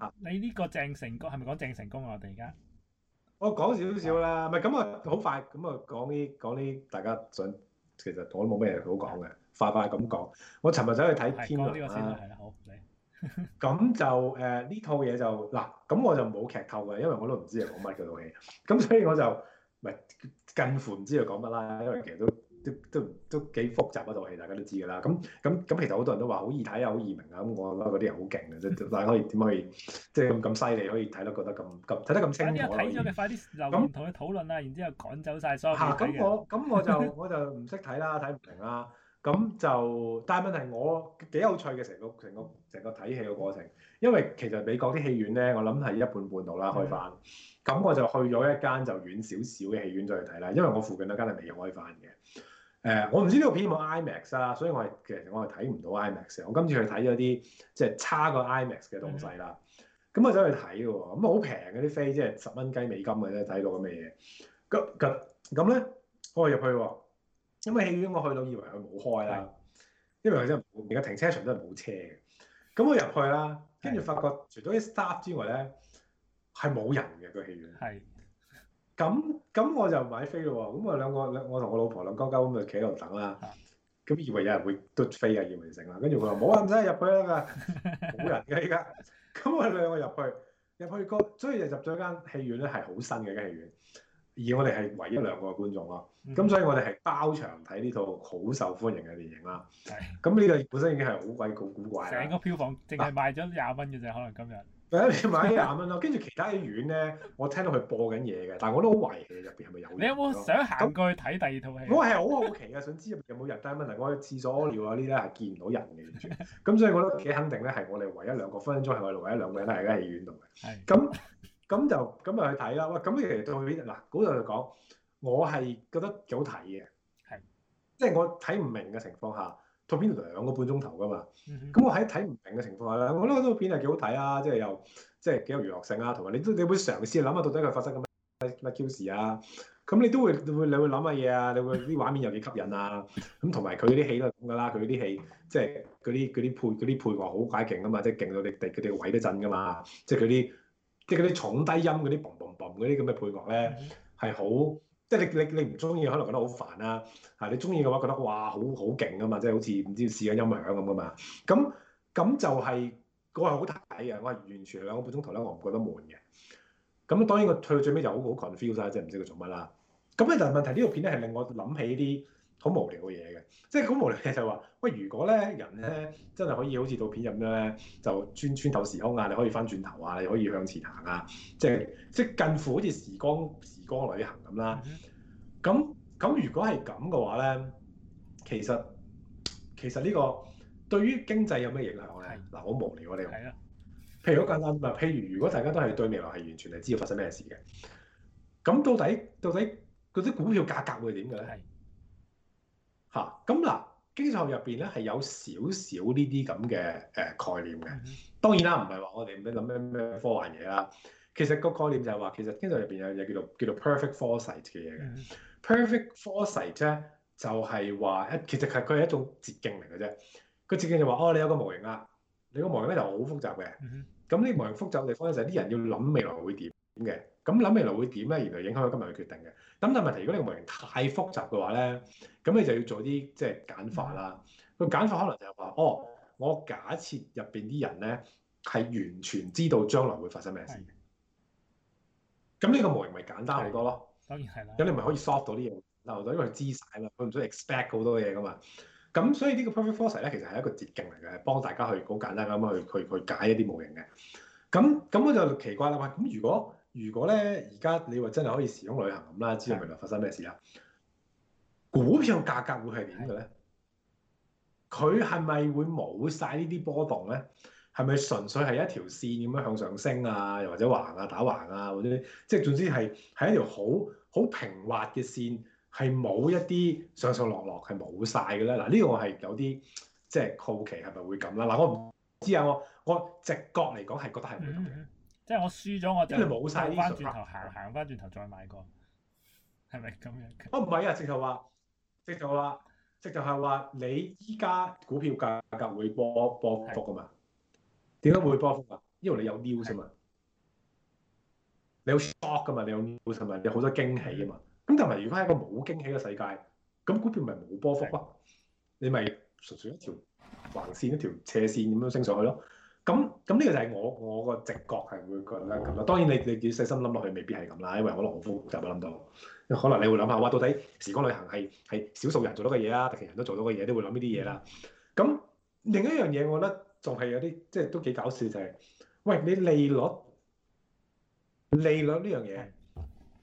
就你呢個鄭成功係咪講鄭成功啊？我哋而家我講少少啦，唔係咁啊，好快咁啊，講啲講啲，大家想其實我都冇咩好講嘅，快快咁講。我尋日走去睇天個先啊，係啦，好、啊。咁 就誒呢、呃、套嘢就嗱，咁我就冇劇透嘅，因為我都唔知佢講乜套戲。咁所以我就唔係近乎唔知佢講乜啦，因為其實都都都都幾複雜嗰套戲，大家都知噶啦。咁咁咁其實好多人都話好易睇啊，好易明啊。咁我覺得嗰啲人好勁嘅，即係可以點可以即係咁咁犀利，可以睇得覺得咁咁睇得咁清楚睇咗嘅，快啲留言同佢討論啊！然之後趕走晒所有唔睇嘅。吓，咁我咁我就我就唔識睇啦，睇唔明啊。咁就，但係問題我幾有趣嘅，成個成個成個睇戲嘅過程，因為其實美國啲戲院咧，我諗係一半半度啦開翻，咁的我就去咗一間就遠少少嘅戲院再去睇啦，因為我附近一間係未開翻嘅。誒、呃，我唔知呢個片有冇 IMAX 啦，所以我係其實我係睇唔到 IMAX，我今次去睇咗啲即係差過 IMAX 嘅東西啦。咁的我走去睇喎，咁啊好平嗰啲飛，即係十蚊雞美金嘅咧睇到咁嘅嘢。咁咁咁咧，我入去喎。因為、嗯、戲院我去到，以為佢冇開啦，的因為佢真係而家停車場都係冇車嘅。咁我入去啦，跟住發覺除咗啲 staff 之外咧，係冇人嘅個戲院。係的。咁咁我就買飛咯喎。咁我兩個兩我同我老婆兩公婆咁就企喺度等啦。咁的以為有人會嘟飛啊，葉文成啦。跟住佢話冇啊，唔使入去啦，冇 人嘅而家。咁我兩個入去，入去個所以就入咗間戲院咧，係好新嘅間戲院。而我哋係唯一兩個觀眾咯，咁所以我哋係包場睇呢套好受歡迎嘅電影啦。係，咁呢個本身已經係好鬼古古怪，成個票房淨係賣咗廿蚊嘅啫，可能今日。誒，賣咗廿蚊咯，跟住其他戲院咧，我聽到佢播緊嘢嘅，但係我都好懷疑入邊係咪有。你有冇想行過去睇第二套戲？我係好好奇嘅，想知入邊有冇人。但問題我喺廁所尿下呢咧係見唔到人嘅，咁所以我覺得幾肯定咧，係我哋唯一兩個分分鐘係我哋唯一兩個人喺間戲院度嘅。係，咁。咁就咁咪去睇啦。哇！咁其實套片嗱，嗰度就講，我係覺得幾好睇嘅。係的，即係我睇唔明嘅情況下，套片兩個半鐘頭噶嘛。咁、mm hmm. 我喺睇唔明嘅情況下咧，我覺得套片係幾好睇啊！即係又即係幾有娛樂性啊，同埋你都你會嘗試諗下，到底佢發生緊乜乜乜事啊？咁你都會會你會諗下嘢啊？你會啲畫面又幾吸引啊？咁同埋佢啲戲都係咁噶啦。佢啲戲即係嗰啲啲配啲配樂好鬼勁噶嘛！即係勁到你哋佢哋位都震噶嘛！即係佢啲。即係嗰啲重低音嗰啲嘣嘣嘣嗰啲咁嘅配樂咧，係好、mm hmm. 即係你你你唔中意可能覺得好煩啦嚇，你中意嘅話覺得哇好好勁啊嘛，即係好似唔知試緊音響咁噶嘛。咁咁就係我係好睇嘅，我係完全兩個半鐘頭咧，我唔覺得悶嘅。咁當然我去到最尾就好好 confuse 晒，即係唔知佢做乜啦。咁咧但係問題呢個片咧係令我諗起啲好無聊嘅嘢嘅，即係好無聊嘅就話，喂，如果咧人咧真係可以好似套片咁樣咧，就穿穿透時空啊，你可以翻轉頭啊，你可以向前行啊，即係即係近乎好似時光時光旅行咁啦。咁咁、嗯、如果係咁嘅話咧，其實其實呢個對於經濟有咩影響咧？嗱，好無聊呀呢個的，譬如好簡單，唔係譬如如果大家都係對未來係完全係知道發生咩事嘅，咁到底到底嗰啲股票價格會點嘅咧？啊，咁嗱，經濟學入邊咧係有少少呢啲咁嘅誒概念嘅。Mm hmm. 當然啦，唔係話我哋咩諗咩咩科幻嘢啦。其實個概念就係話，其實經濟學入邊有樣嘢叫做叫做 perfect foresight 嘅嘢嘅。Hmm. perfect foresight 咧就係話一其實係佢係一種捷徑嚟嘅啫。個捷徑就話哦，你有個模型啊，你個模型咧就好複雜嘅。咁呢、mm hmm. 模型複雜嘅地方咧就係啲人要諗未來會點點嘅。咁諗未來會點咧？原來影響到今日嘅決定嘅。咁但係問題，如果你個模型太複雜嘅話咧，咁你就要做啲即係簡化啦。個、嗯、簡化可能就係、是、話：哦，我假設入邊啲人咧係完全知道將來會發生咩事。咁呢的個模型咪簡單好多咯。當然係啦。咁你咪可以 soft 到啲嘢 soft 到，因為佢知晒啊嘛，佢唔需要 expect 好多嘢噶嘛。咁所以呢個 perfect foresight 咧，其實係一個捷徑嚟嘅，幫大家去好簡單咁去去去解，解一啲模型嘅。咁咁我就奇怪啦嘛。咁如果如果咧，而家你話真係可以時空旅行咁啦，知道未來發生咩事啦？股票價格會係點嘅咧？佢係咪會冇晒呢啲波動咧？係咪純粹係一條線咁樣向上升啊，又或者橫啊、打橫啊嗰啲？即係總之係係一條好好平滑嘅線，係冇一啲上上落落，係冇晒嘅咧。嗱，呢個我係有啲即係好奇是是，係咪會咁啦？嗱，我唔知啊，我我直覺嚟講係覺得係唔會咁嘅。即係我輸咗，我就係冇曬啲數啦。行行翻轉頭，再買過，係咪咁樣？哦、啊，唔係啊，直頭話，直頭話，直頭係話，你依家股票價格會波波幅噶嘛？點解是的 會波幅啊？因為你有 news 啫嘛，是的 你有 shock 噶嘛，你有 news 同埋你好多驚喜啊嘛。咁但係如果係一個冇驚喜嘅世界，咁股票咪冇波幅咯？是的 你咪純粹一條橫線、一條斜線咁樣升上去咯。咁咁呢個就係我我個直覺係會覺得咁咯。當然你你要細心諗落去，未必係咁啦。因為可能我忽就冇諗到，可能你會諗下話到底時光旅行係係少數人做到嘅嘢啊，特別人都做到嘅嘢，都會諗呢啲嘢啦。咁、嗯、另一樣嘢，我覺得仲係有啲即係都幾搞笑就係、是，喂你利率利率呢樣嘢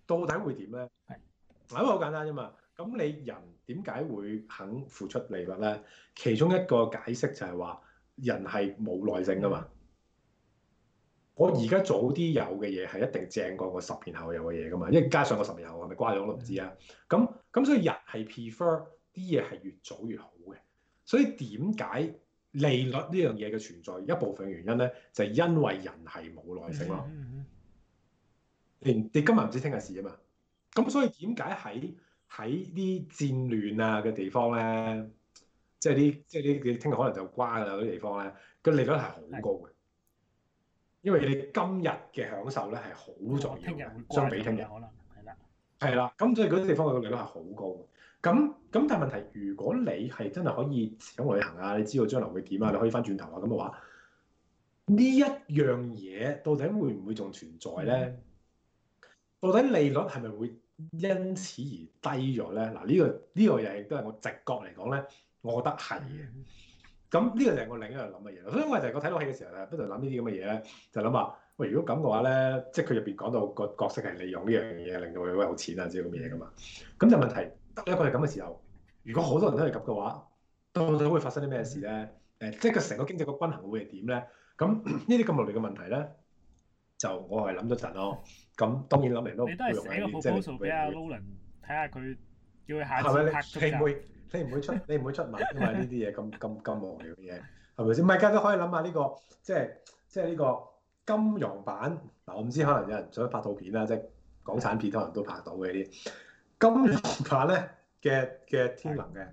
到底會點咧？係是，因為好簡單啫嘛。咁你人點解會肯付出利率咧？其中一個解釋就係話。人係冇耐性噶嘛？我而家早啲有嘅嘢係一定正過我十年後有嘅嘢噶嘛？因為加上我十年後係咪瓜咗我都唔知啊！咁咁的所以人係 prefer 啲嘢係越早越好嘅。所以點解利率呢樣嘢嘅存在一部分原因咧，就係、是、因為人係冇耐性咯。你的你今日唔知聽日事啊嘛？咁所以點解喺喺啲戰亂啊嘅地方咧？即係啲，即係啲，你聽日可能就瓜㗎啦！嗰啲地方咧，個利率係好高嘅，的因為你今日嘅享受咧係好重要，相比聽日可能係啦，係啦。咁所以嗰啲地方嘅利率係好高嘅。咁咁，但係問題，如果你係真係可以自己旅行啊，你知道將來會點啊，你可以翻轉頭啊咁嘅話，呢一樣嘢到底會唔會仲存在咧？嗯、到底利率係咪會因此而低咗咧？嗱，這個，呢、呢個呢個嘢亦都係我直覺嚟講咧。我覺得係嘅，咁呢個就係我另一樣諗嘅嘢。所以我成係睇到戲嘅時候咧，不斷諗呢啲咁嘅嘢咧，就諗話：喂，如果咁嘅話咧，即係佢入邊講到個角色係利用呢樣嘢令到佢好有錢啊之類咁嘅嘢噶嘛。咁就問題得一個係咁嘅時候，如果好多人都係咁嘅話，到底果會發生啲咩事咧？誒、嗯呃，即係佢成個經濟個均衡會係點咧？咁呢啲咁落嚟嘅問題咧，就我係諗咗陣咯。咁當然諗嚟都你都係寫個 proposal 俾阿 Lo 睇下佢，叫佢下你唔會出，你唔會出賣㗎嘛？呢啲嘢咁咁咁無聊嘅嘢，係咪先？唔係，家都可以諗下呢個，即係即係呢個金融版嗱。我唔知可能有人想拍套片啦，即係港產片，可能都拍到嘅呢啲金融版咧嘅嘅天能嘅，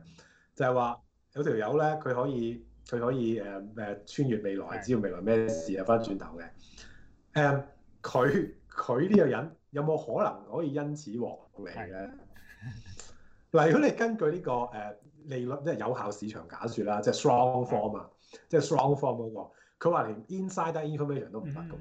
就係話有條友咧，佢可以佢可以誒誒穿越未來，知道未來咩事啊，翻轉頭嘅誒，佢佢呢個人有冇可能可以因此獲利嘅？嗱，如果你根據呢、這個誒、uh, 利率即係、就是、有效市場假説啦、就是的，即係 strong form 啊，即係 strong form 嗰個，佢話連 insider information 都唔得噶嘛，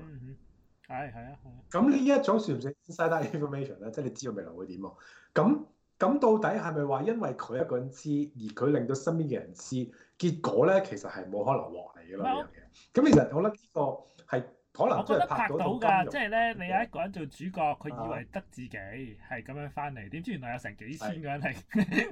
係係啊。咁呢一種算唔算 insider information 咧？即係你知道未來會點喎、啊？咁咁到底係咪話因為佢一個人知，而佢令到身邊嘅人知，結果咧其實係冇可能獲利㗎啦？咁其實我覺得呢個係。我覺得拍到㗎，即係咧，你有一個人做主角，佢以為得自己係咁樣翻嚟，點知、啊、原來有成幾千個人係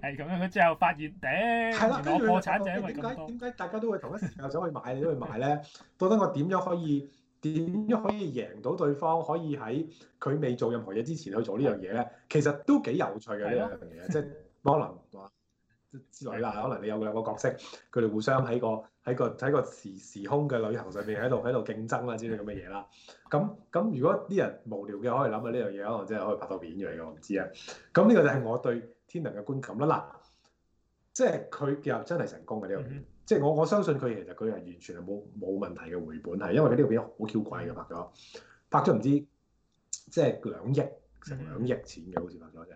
係咁樣，佢之後發現，頂、哎，的我破產咗後。點解點解大家都會同一時間走去買，你都去買咧？ 到底我點樣可以點樣可以贏到對方，可以喺佢未做任何嘢之前去做呢樣嘢咧？的其實都幾有趣嘅呢樣嘢，即係可能之類啦，可能你有兩個角色，佢哋互相喺個喺個喺個時時空嘅旅行上邊喺度喺度競爭啦， 之類咁嘅嘢啦。咁咁如果啲人無聊嘅可以諗下呢樣嘢可能即係可以拍到片嘅，我唔知啊。咁呢個就係我對《天能》嘅觀感啦。嗱，即係佢又真係成功嘅呢個，mm hmm. 即係我我相信佢其實佢係完全係冇冇問題嘅回本係，因為佢呢套片好巧貴嘅拍咗，拍咗唔知即係兩億、mm hmm. 成兩億錢嘅，好似拍咗啫。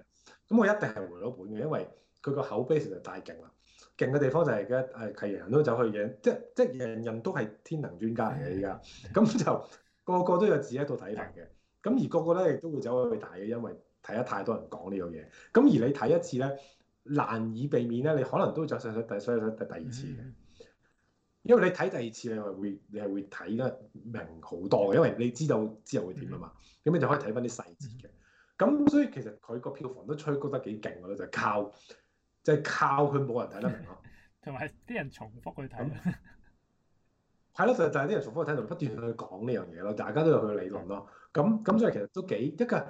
咁我一定係回咗本嘅，因為佢個口碑實在太勁啦！勁嘅地方就係而家誒，係人人都走去嘅，即即人人都係天能專家嚟嘅而家，咁就個個都有自己一套睇法嘅。咁而個個咧亦都會走去去睇嘅，因為睇得太多人講呢樣嘢。咁而你睇一次咧，難以避免咧，你可能都再睇睇睇睇第二次嘅。因為你睇第二次你係會你係會睇得明好多嘅，因為你知道之後會點啊嘛。咁你就可以睇翻啲細節嘅。咁所以其實佢個票房都吹高得幾勁嘅啦，就靠。就係靠佢冇人睇得明咯，同埋啲人重複去睇，係咯、 嗯，就係、是、啲人重複去睇，同不斷去講呢樣嘢咯，大家都有佢嘅理論咯，咁咁所以其實都幾一個，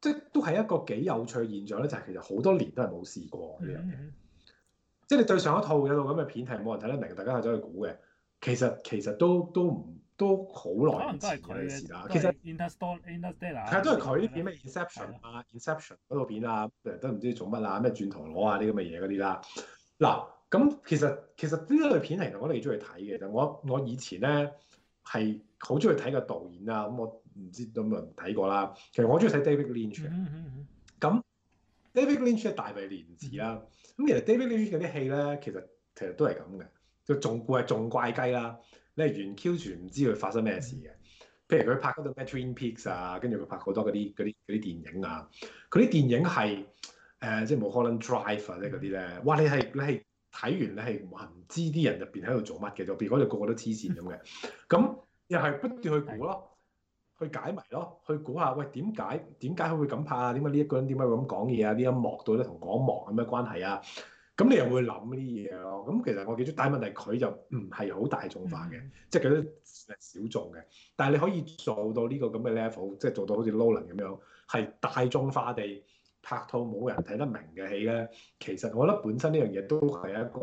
即係都係一個幾有趣嘅現象咧，就係、是、其實好多年都係冇試過呢樣嘢，即係、嗯嗯、你對上一套有個咁嘅片係冇人睇得明，大家係走去估嘅，其實其實都都唔。都好耐，可能都係佢事啦。其實，係啊，都係佢啲片咩《Inception》啊，《Inception》嗰套片啊，都唔知做乜啊，咩轉陀螺啊呢啲咁嘅嘢嗰啲啦。嗱，咁其實其實呢類片其實我哋中意睇嘅。其實我我以前咧係好中意睇個導演啊。咁我唔知有冇人睇過啦。其實我中意睇 David Lynch 嘅。咁 David Lynch 係大衛連治啦。咁其實 David Lynch 嗰啲戲咧，其實其實都係咁嘅，就仲怪仲怪雞啦。你係完 Q 全唔知佢發生咩事嘅，譬如佢拍嗰套咩《Twin Peaks》啊，跟住佢拍好多嗰啲啲啲電影啊，嗰啲電影係誒、呃、即係 Mulholland Drive 咧嗰啲咧，哇！你係你係睇完你係唔知啲人入邊喺度做乜嘅，就入邊嗰度個個都黐線咁嘅，咁又係不斷去估咯， 去解謎咯，去估下喂，點解點解佢會咁拍啊？點解呢一個人點解會咁講嘢啊？呢一幕到咧同嗰一幕有咩關係啊？咁你又會諗呢啲嘢咯。咁其實我記得，大問題佢就唔係好大眾化嘅，嗯、即係佢都誒小眾嘅。但係你可以做到呢個咁嘅 level，即係做到好似 Nolan 咁樣，係大眾化地拍套冇人睇得明嘅戲咧。其實我覺得本身呢樣嘢都係一個，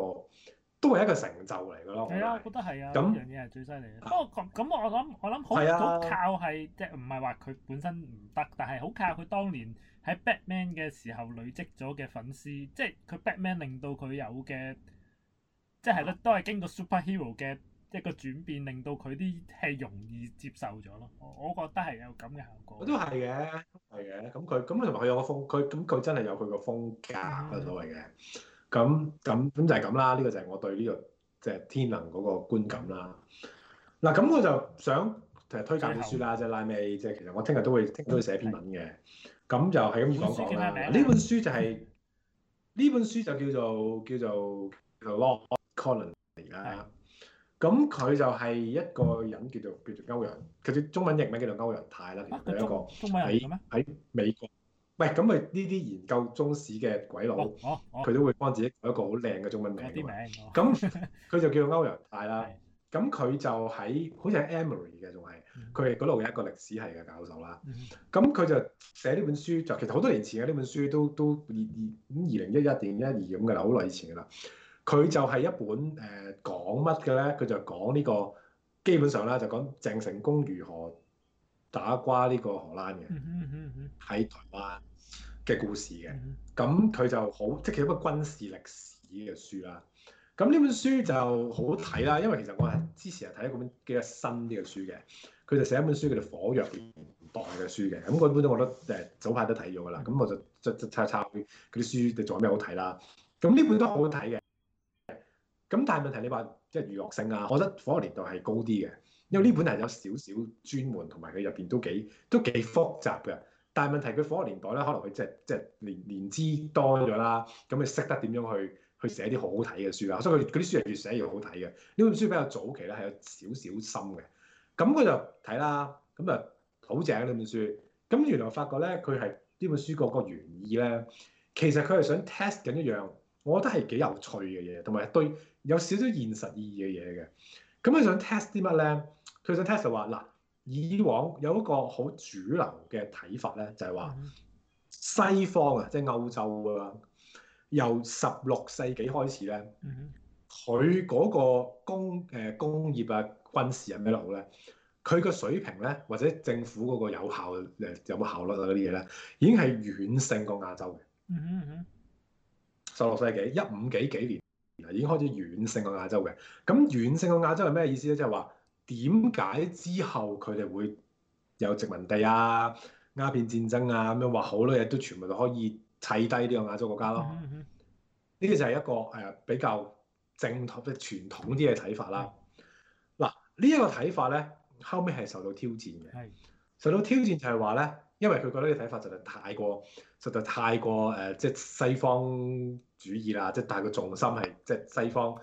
都係一個成就嚟嘅咯。係啊，我覺得係啊，呢樣嘢係最犀利嘅。不過咁我諗我諗好好靠係即係唔係話佢本身唔得，但係好靠佢當年。喺 Batman 嘅時候累積咗嘅粉絲，即係佢 Batman 令到佢有嘅，即係咯，都係經過 Superhero 嘅一個轉變，令到佢啲係容易接受咗咯。我覺得係有咁嘅效果。都係嘅，係嘅。咁佢咁同埋佢有個風，佢咁佢真係有佢個風格嘅所謂嘅。咁咁咁就係咁啦。呢個就係我對呢個即係天能嗰個觀感啦。嗱，咁我就想推介本書啦後，即係拉尾，即係其實我聽日都會都會寫篇文嘅。咁就係咁講啦。呢本，本書就係、是、呢本書就叫做叫做 Lost Colony 而家。咁佢的就係一個人叫做叫做歐陽，佢啲中文譯名叫做歐陽泰啦。佢、啊、一個喺喺美，美國，喂咁佢呢啲研究中史嘅鬼佬，佢、哦哦、都會幫自己改一個好靚嘅中文名。啲名咁佢就叫做歐陽泰啦。咁佢就喺好似喺 Emory 嘅仲係，佢係嗰度嘅一個歷史系嘅教授啦。咁佢、mm hmm. 就寫呢本書，就其實好多年前嘅呢本書都都二二二零一一定一二咁嘅啦，好耐以前嘅啦。佢就係一本誒、呃、講乜嘅咧？佢就講呢、呢個基本上咧就講鄭成功如何打瓜呢個荷蘭嘅喺、mm hmm. 台灣嘅故事嘅。咁佢、mm hmm. 就好即係一個軍事歷史嘅書啦。咁呢本書就好睇啦，因為其實我係之前係睇一本比較新啲嘅書嘅，佢就寫一本書叫做火的書的《火藥年代》嘅書嘅。咁嗰本都我覺得誒早排都睇咗噶啦，咁我就即即抄抄佢啲書，你仲有咩好睇啦？咁呢本都好睇嘅。咁但係問題你話即係娛樂性啊，我覺得《火藥年代》係高啲嘅，因為呢本係有少少專門同埋佢入邊都幾都幾複雜嘅。但係問題佢《火藥年代》咧，可能佢即係即係年年資多咗啦，咁佢識得點樣去。去寫啲好好睇嘅書啦，所以佢啲書係越寫越好睇嘅。呢本書比較早期咧，係有少少深嘅。咁佢就睇啦，咁啊好正呢本書。咁原來發覺咧，佢係呢本書個個原意咧，其實佢係想 test 緊一樣，我覺得係幾有趣嘅嘢，同埋對有少少現實意義嘅嘢嘅。咁佢想 test 啲乜咧？佢想 test 就話嗱，以往有一個好主流嘅睇法咧，就係話西方啊，mm hmm. 即係歐洲啊。由十六世紀開始咧，佢嗰、mm hmm. 個工誒、呃、工業啊、軍事係咩路咧？佢個水平咧，或者政府嗰個有效誒有冇效率啊啲嘢咧，已經係遠勝過亞洲嘅。十六、mm hmm. 世紀一五幾幾年啊，已經開始遠勝過亞洲嘅。咁遠勝過亞洲係咩意思咧？即係話點解之後佢哋會有殖民地啊、鴉片戰爭啊咁樣，話好多嘢都全部都可以，砌低呢個亞洲國家咯，呢個就係一個誒比較正統嘅傳統啲嘅睇法啦。嗱， 這個、呢一個睇法咧，後尾係受到挑戰嘅， 受到挑戰就係話咧，因為佢覺得呢個睇法就係太過實在、就是、太過誒，即、就、係、是、西方主義啦，即係大個重心係即係西方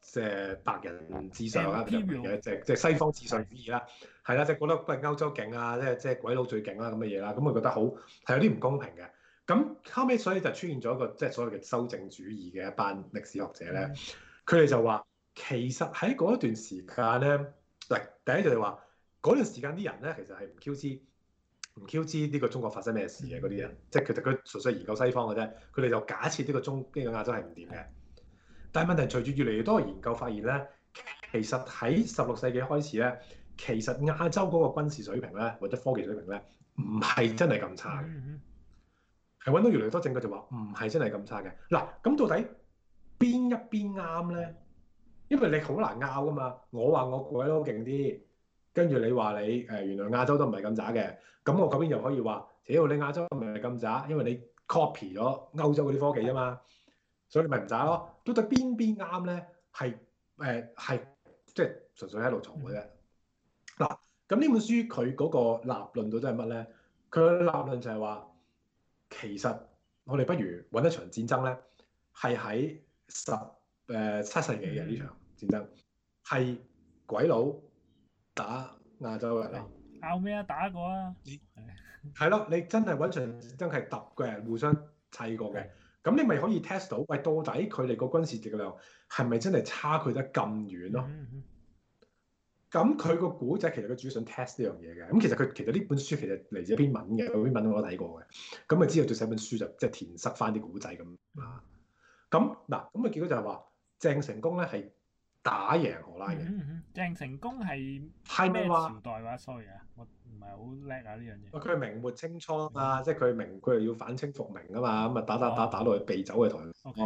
即係白人至上啦，嘅即係即係西方至上主義啦，係啦，即 係樂、就是、覺得誒歐洲勁啊，即係即係鬼佬最勁啦咁嘅嘢啦，咁佢覺得好係有啲唔公平嘅。咁後尾，所以就出現咗一個即係所謂嘅修正主義嘅一班歷史學者咧，佢哋、嗯、就話其實喺嗰段時間咧，嗱第一就係話嗰段時間啲人咧其實係唔 Q 知唔 Q 知呢個中國發生咩事嘅嗰啲人，嗯、即係佢哋佢純粹研究西方嘅啫，佢哋就假設呢個中呢、呢個亞洲係唔掂嘅。但係問題係隨住越嚟越多嘅研究發現咧，其實喺十六世紀開始咧，其實亞洲嗰個軍事水平咧或者科技水平咧，唔係真係咁差嘅。係揾到越嚟越多證據就話唔係真係咁差嘅。嗱咁到底邊一邊啱咧？因為你好難拗噶嘛。我話我鬼佬都勁啲，跟住你話你誒、呃、原來亞洲都唔係咁渣嘅。咁我嗰邊又可以話，屌、呃、你亞洲都唔係咁渣，因為你 copy 咗歐洲嗰啲科技吖嘛。所以你咪唔渣咯。到底邊邊啱咧？係誒係即係純粹喺度嘈嘅啫。嗱咁呢本書佢嗰個立論到底係乜咧？佢嘅立論就係話。其實我哋不如揾一場戰爭咧，係喺十誒、呃、七世紀嘅呢場戰爭，係鬼佬打亞洲人咯。拗咩啊？打過啊？係 咯，你真係揾場戰爭係揼嘅，互相砌過嘅，咁你咪可以 test 到，喂，到底佢哋個軍事力量係咪真係差距得咁遠咯？嗯嗯嗯咁佢個古仔其實佢主想 test 呢樣嘢嘅，咁其實佢其實呢本書其實嚟自一篇文嘅，嗰篇文我都睇過嘅，咁咪之後再寫本書就即係填塞翻啲古仔咁啊。咁嗱，咁咪結果就係話鄭成功咧係打贏荷蘭嘅。鄭成功係係咩話？時代話 sorry 啊，我唔係好叻啊呢樣嘢。佢係明末清初啊，即係佢明佢又要反清復明啊嘛，咁啊打打打打落去避走嘅台。OK。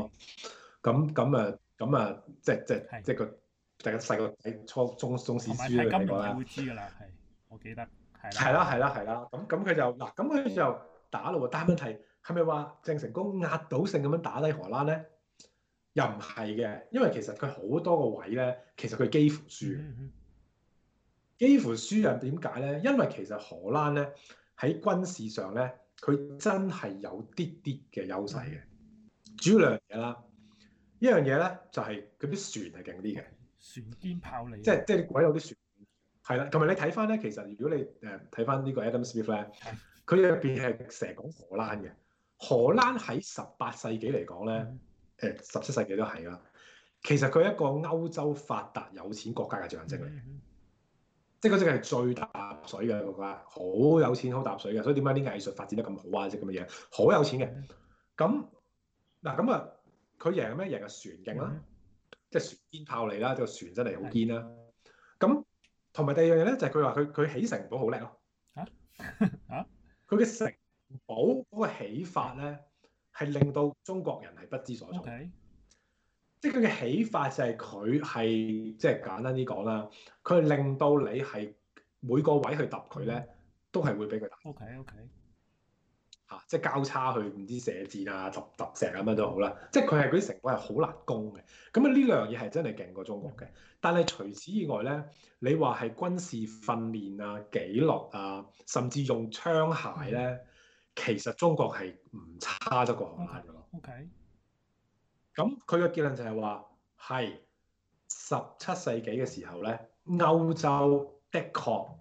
咁咁啊咁啊，即係即係即係個。大家細個仔初中中史書嘅地方係會知㗎啦，係是我記得，係啦，係啦，係啦，咁咁佢就嗱，咁佢就打咯，但係問題係咪話鄭成功壓倒性咁樣打低荷蘭咧？又唔係嘅，因為其實佢好多個位咧，其實佢幾乎輸嘅，嗯嗯嗯幾乎輸人，點解咧？因為其實荷蘭咧喺軍事上咧，佢真係有啲啲嘅優勢嘅，嗯、主要兩樣嘢啦，一樣嘢咧就係佢啲船係勁啲嘅。嗯船堅炮利、啊， 即係即係啲鬼有啲船，係啦。同埋你睇翻咧，其實如果你誒睇翻呢個 Adam Smith 咧，佢入邊係成日講荷蘭嘅。荷蘭喺十八世紀嚟講咧，誒十七世紀都係啦。其實佢係一個歐洲發達有錢國家嘅象徵嚟，嘅、嗯，嗯、即係嗰隻係最揼水嘅國家，好有錢，好搭水嘅。所以點解啲藝術發展得咁好啊？即係咁嘅嘢，好有錢嘅。咁嗱，咁啊，佢、啊、贏咩？贏係船勁啦。啊啊即係船堅炮嚟啦，個船真係好堅啦。咁同埋第二樣嘢咧，就係佢話佢佢起城堡好叻咯。嚇嚇、啊，佢、啊、嘅城堡嗰個起法咧，係令到中國人係不知所措。Okay. 即係佢嘅起法就係佢係即係簡單啲講啦，佢令到你係每個位去揼佢咧，嗯、都係會俾佢揼。OK OK。嚇！即係交叉去唔知射箭啊、揼揼石啊咁樣、啊、都好啦。即係佢係嗰啲城堡係好難攻嘅。咁啊，呢兩樣嘢係真係勁過中國嘅。Okay. 但係除此以外咧，你話係軍事訓練啊、紀錄啊，甚至用槍械咧，Okay. 其實中國係唔差得過佢哋嘅。O K。咁佢嘅結論就係話係十七世紀嘅時候咧，歐洲的確，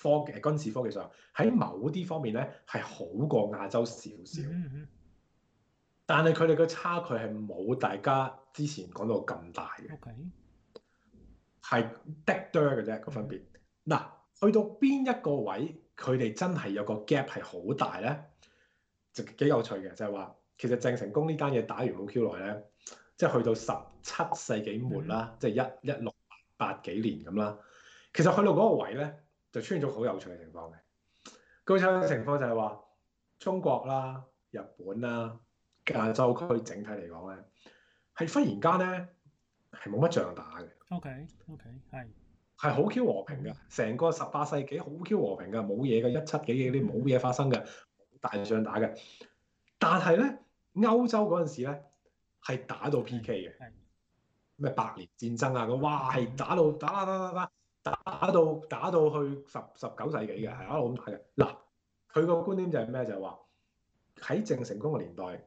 科技軍事科技上喺某啲方面咧係好過亞洲少少，嗯嗯、但係佢哋個差距係冇大家之前講到咁大嘅，係的多嘅啫個分別。嗱、嗯，去到邊一個位佢哋真係有個 gap 係好大咧，就幾有趣嘅就係、是、話，其實鄭成功呢單嘢打完好 Q 耐咧，即、就、係、是、去到十七世紀末啦，即係一一六八幾年咁啦，其實去到嗰個位咧。就出現咗好有趣嘅情況嘅。咁有趣嘅情況就係話，中國啦、日本啦、亞洲區整體嚟講咧，係忽然間咧係冇乜仗打嘅。O K O K，係係好 Q 和平嘅，成個十八世紀好 Q 和平嘅，冇嘢嘅，一七幾幾啲冇嘢發生嘅，冇大仗打嘅。但係咧，歐洲嗰陣時咧係打到 P K 嘅，咩 Yes. 百年戰爭啊咁，哇係打到打打打打，打，打。打到打到去十十九世紀嘅，係啊、嗯，我咁打啊。嗱，佢個觀點就係咩？就係話喺鄭成功嘅年代，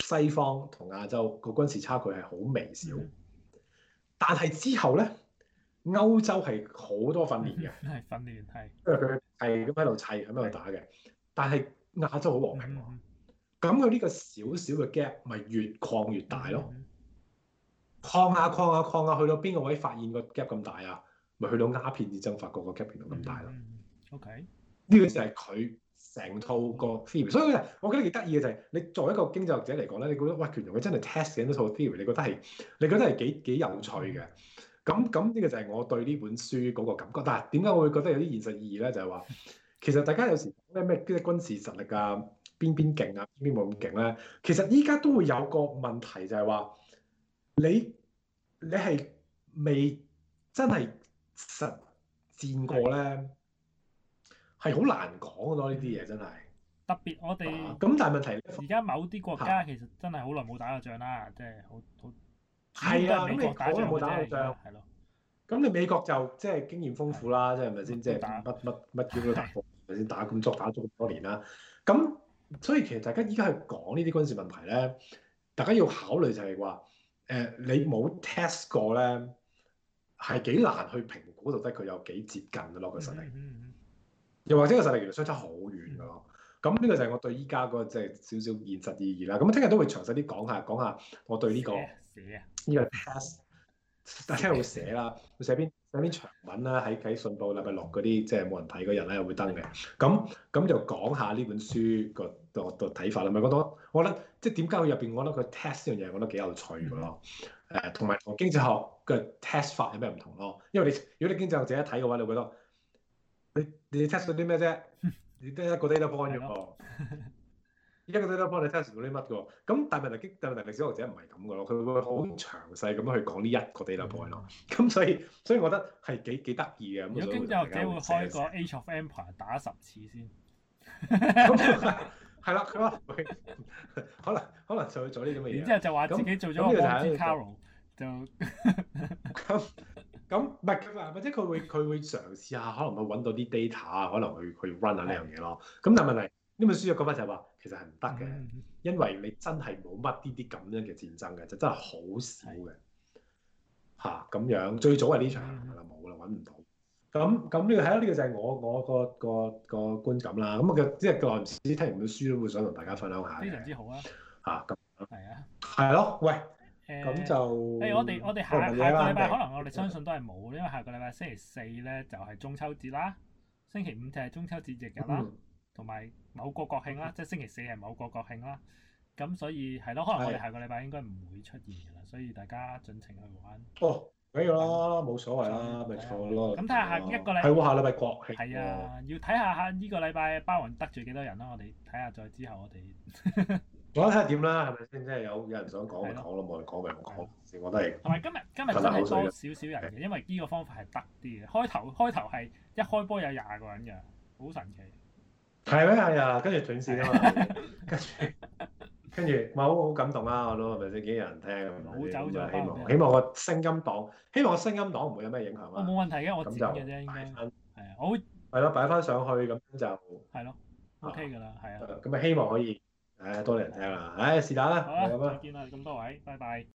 西方同亞洲個軍事差距係好微小。嗯、但係之後咧，歐洲係好多訓練嘅，係訓練係，嗯、因為佢係咁喺度砌，喺度、嗯、打嘅。但係亞洲好和平喎，咁佢呢個少少嘅 gap 咪越擴越大咯？擴下擴下擴下，去、嗯嗯嗯嗯嗯嗯嗯、到邊個位發現個 gap 咁大啊？咪去到鴉片戰爭發覺個 capital 咁大咯。OK，呢個就係佢成套個 theory。所以我覺得幾得意嘅就係、是、你作為一個經濟學者嚟講咧，你覺得哇，權雄佢真係 test 緊套 theory，你覺得係，你覺得係幾幾有趣嘅。咁咁呢個就係我對呢本書嗰個感覺。但係點解我會覺得有啲現實意義咧？就係、是、話，其實大家有時咩咩即係軍事實力啊，邊邊勁啊，邊邊冇咁勁咧。其實依家都會有個問題就係、是、話，你你係未真係。實戰過咧，係好的難講咯。呢啲嘢真係特別，我哋咁、啊、但係問題，而家某啲國家其實真係好耐冇打過仗啦，的即係好好係啊！的美國打過仗係咯，咁你，你美國就即係經驗豐富啦的，即係係咪先？即係乜乜乜招都打過，係咪先？打咁足打咗咁多年啦。咁所以其實大家而家去講呢啲軍事問題咧，大家要考慮就係話，誒、呃，你冇 test 過咧。係幾難去評估到底佢有幾接近嘅咯，個實力，又或者個實力原來相差好遠嘅咯、啊。咁呢個就係我對依家嗰即係少少現實意義啦。咁聽日都會詳細啲講下，講下我對呢、寫呢個 test，但聽日會寫啦，會寫，寫篇寫篇長文啦、啊。喺喺信報、禮拜六嗰啲即係冇人睇嗰日咧又會登嘅。咁咁就講下呢本書個個睇法啦。咪我覺我覺得即係點解佢入邊我覺得佢 test 呢樣嘢我覺得幾有趣嘅咯、啊。誒、嗯，同埋我經濟學。個 test 法有咩唔同咯？因為你如果你經濟學者一睇嘅話，你會覺得你你 test 到啲咩啫？你得 一個 data point 啫喎。 一個 data point 你 test 到啲乜嘅？咁但係經濟學歷史學者唔係咁嘅咯，佢會好詳細咁樣去講呢一個 data point 咯。咁所以所以，所以我覺得係幾幾得意嘅。如果經濟學者會寫一寫一寫開個 Age of Empire 打十次先，係啦，咁可能可能就會做呢啲咁嘅嘢。然之後就話自己做咗個 Monte Carlo 咁咁唔係佢話，或者佢會佢會嘗試下可，可能去揾到啲 data 啊，可能去去 run 下呢樣嘢咯。咁但係問題呢本書又講翻就係話，其實係唔得嘅，因為你真係冇乜啲啲咁樣嘅戰爭嘅，就真係好少嘅嚇咁樣。最早係呢場啦，冇啦、嗯，揾唔到。咁咁呢個係咯，呢、啊呢個就係我我個個個觀感啦。咁啊嘅即係近時聽完啲書都會想同大家分享下，非常之好啊嚇咁。係啊，係咯，喂。咁就誒，我哋我哋下下個禮拜可能我哋相信都係冇，因為下個禮拜星期四咧就係中秋節啦，星期五就係中秋節翌日啦，同埋某個國慶啦，即係星期四係某個國慶啦。咁所以係咯，可能我哋下個禮拜應該唔會出現㗎啦，所以大家盡情去玩。哦，緊要啦，冇所謂啦，咪錯咯。咁睇下下一個禮拜，係喎下禮拜國慶。係啊，要睇下下呢個禮拜包雲得罪幾多人啦，我哋睇下再之後我哋。我睇下點啦，係咪先？即係有有人想講就講咯，冇人講咪唔講。我都係。同埋今日今日真係多少少人嘅？因為呢個方法係得啲嘅。開頭開頭係一開波有廿個人嘅，好神奇。係咩？係啊，跟住斷線啊嘛。跟住跟住，咪好好感動啊！我都係咪先？幾多人聽走咗。希望希望個聲音檔，希望個聲音檔唔會有咩影響，我冇問題嘅，我自己擺翻，係啊。係咯，擺翻上去咁就係咯，OK 噶啦，係啊。咁咪希望可以。誒、哎、多謝、哎、吧你聽啦，誒是但啦，咁啊，見啦，咁多位，拜拜。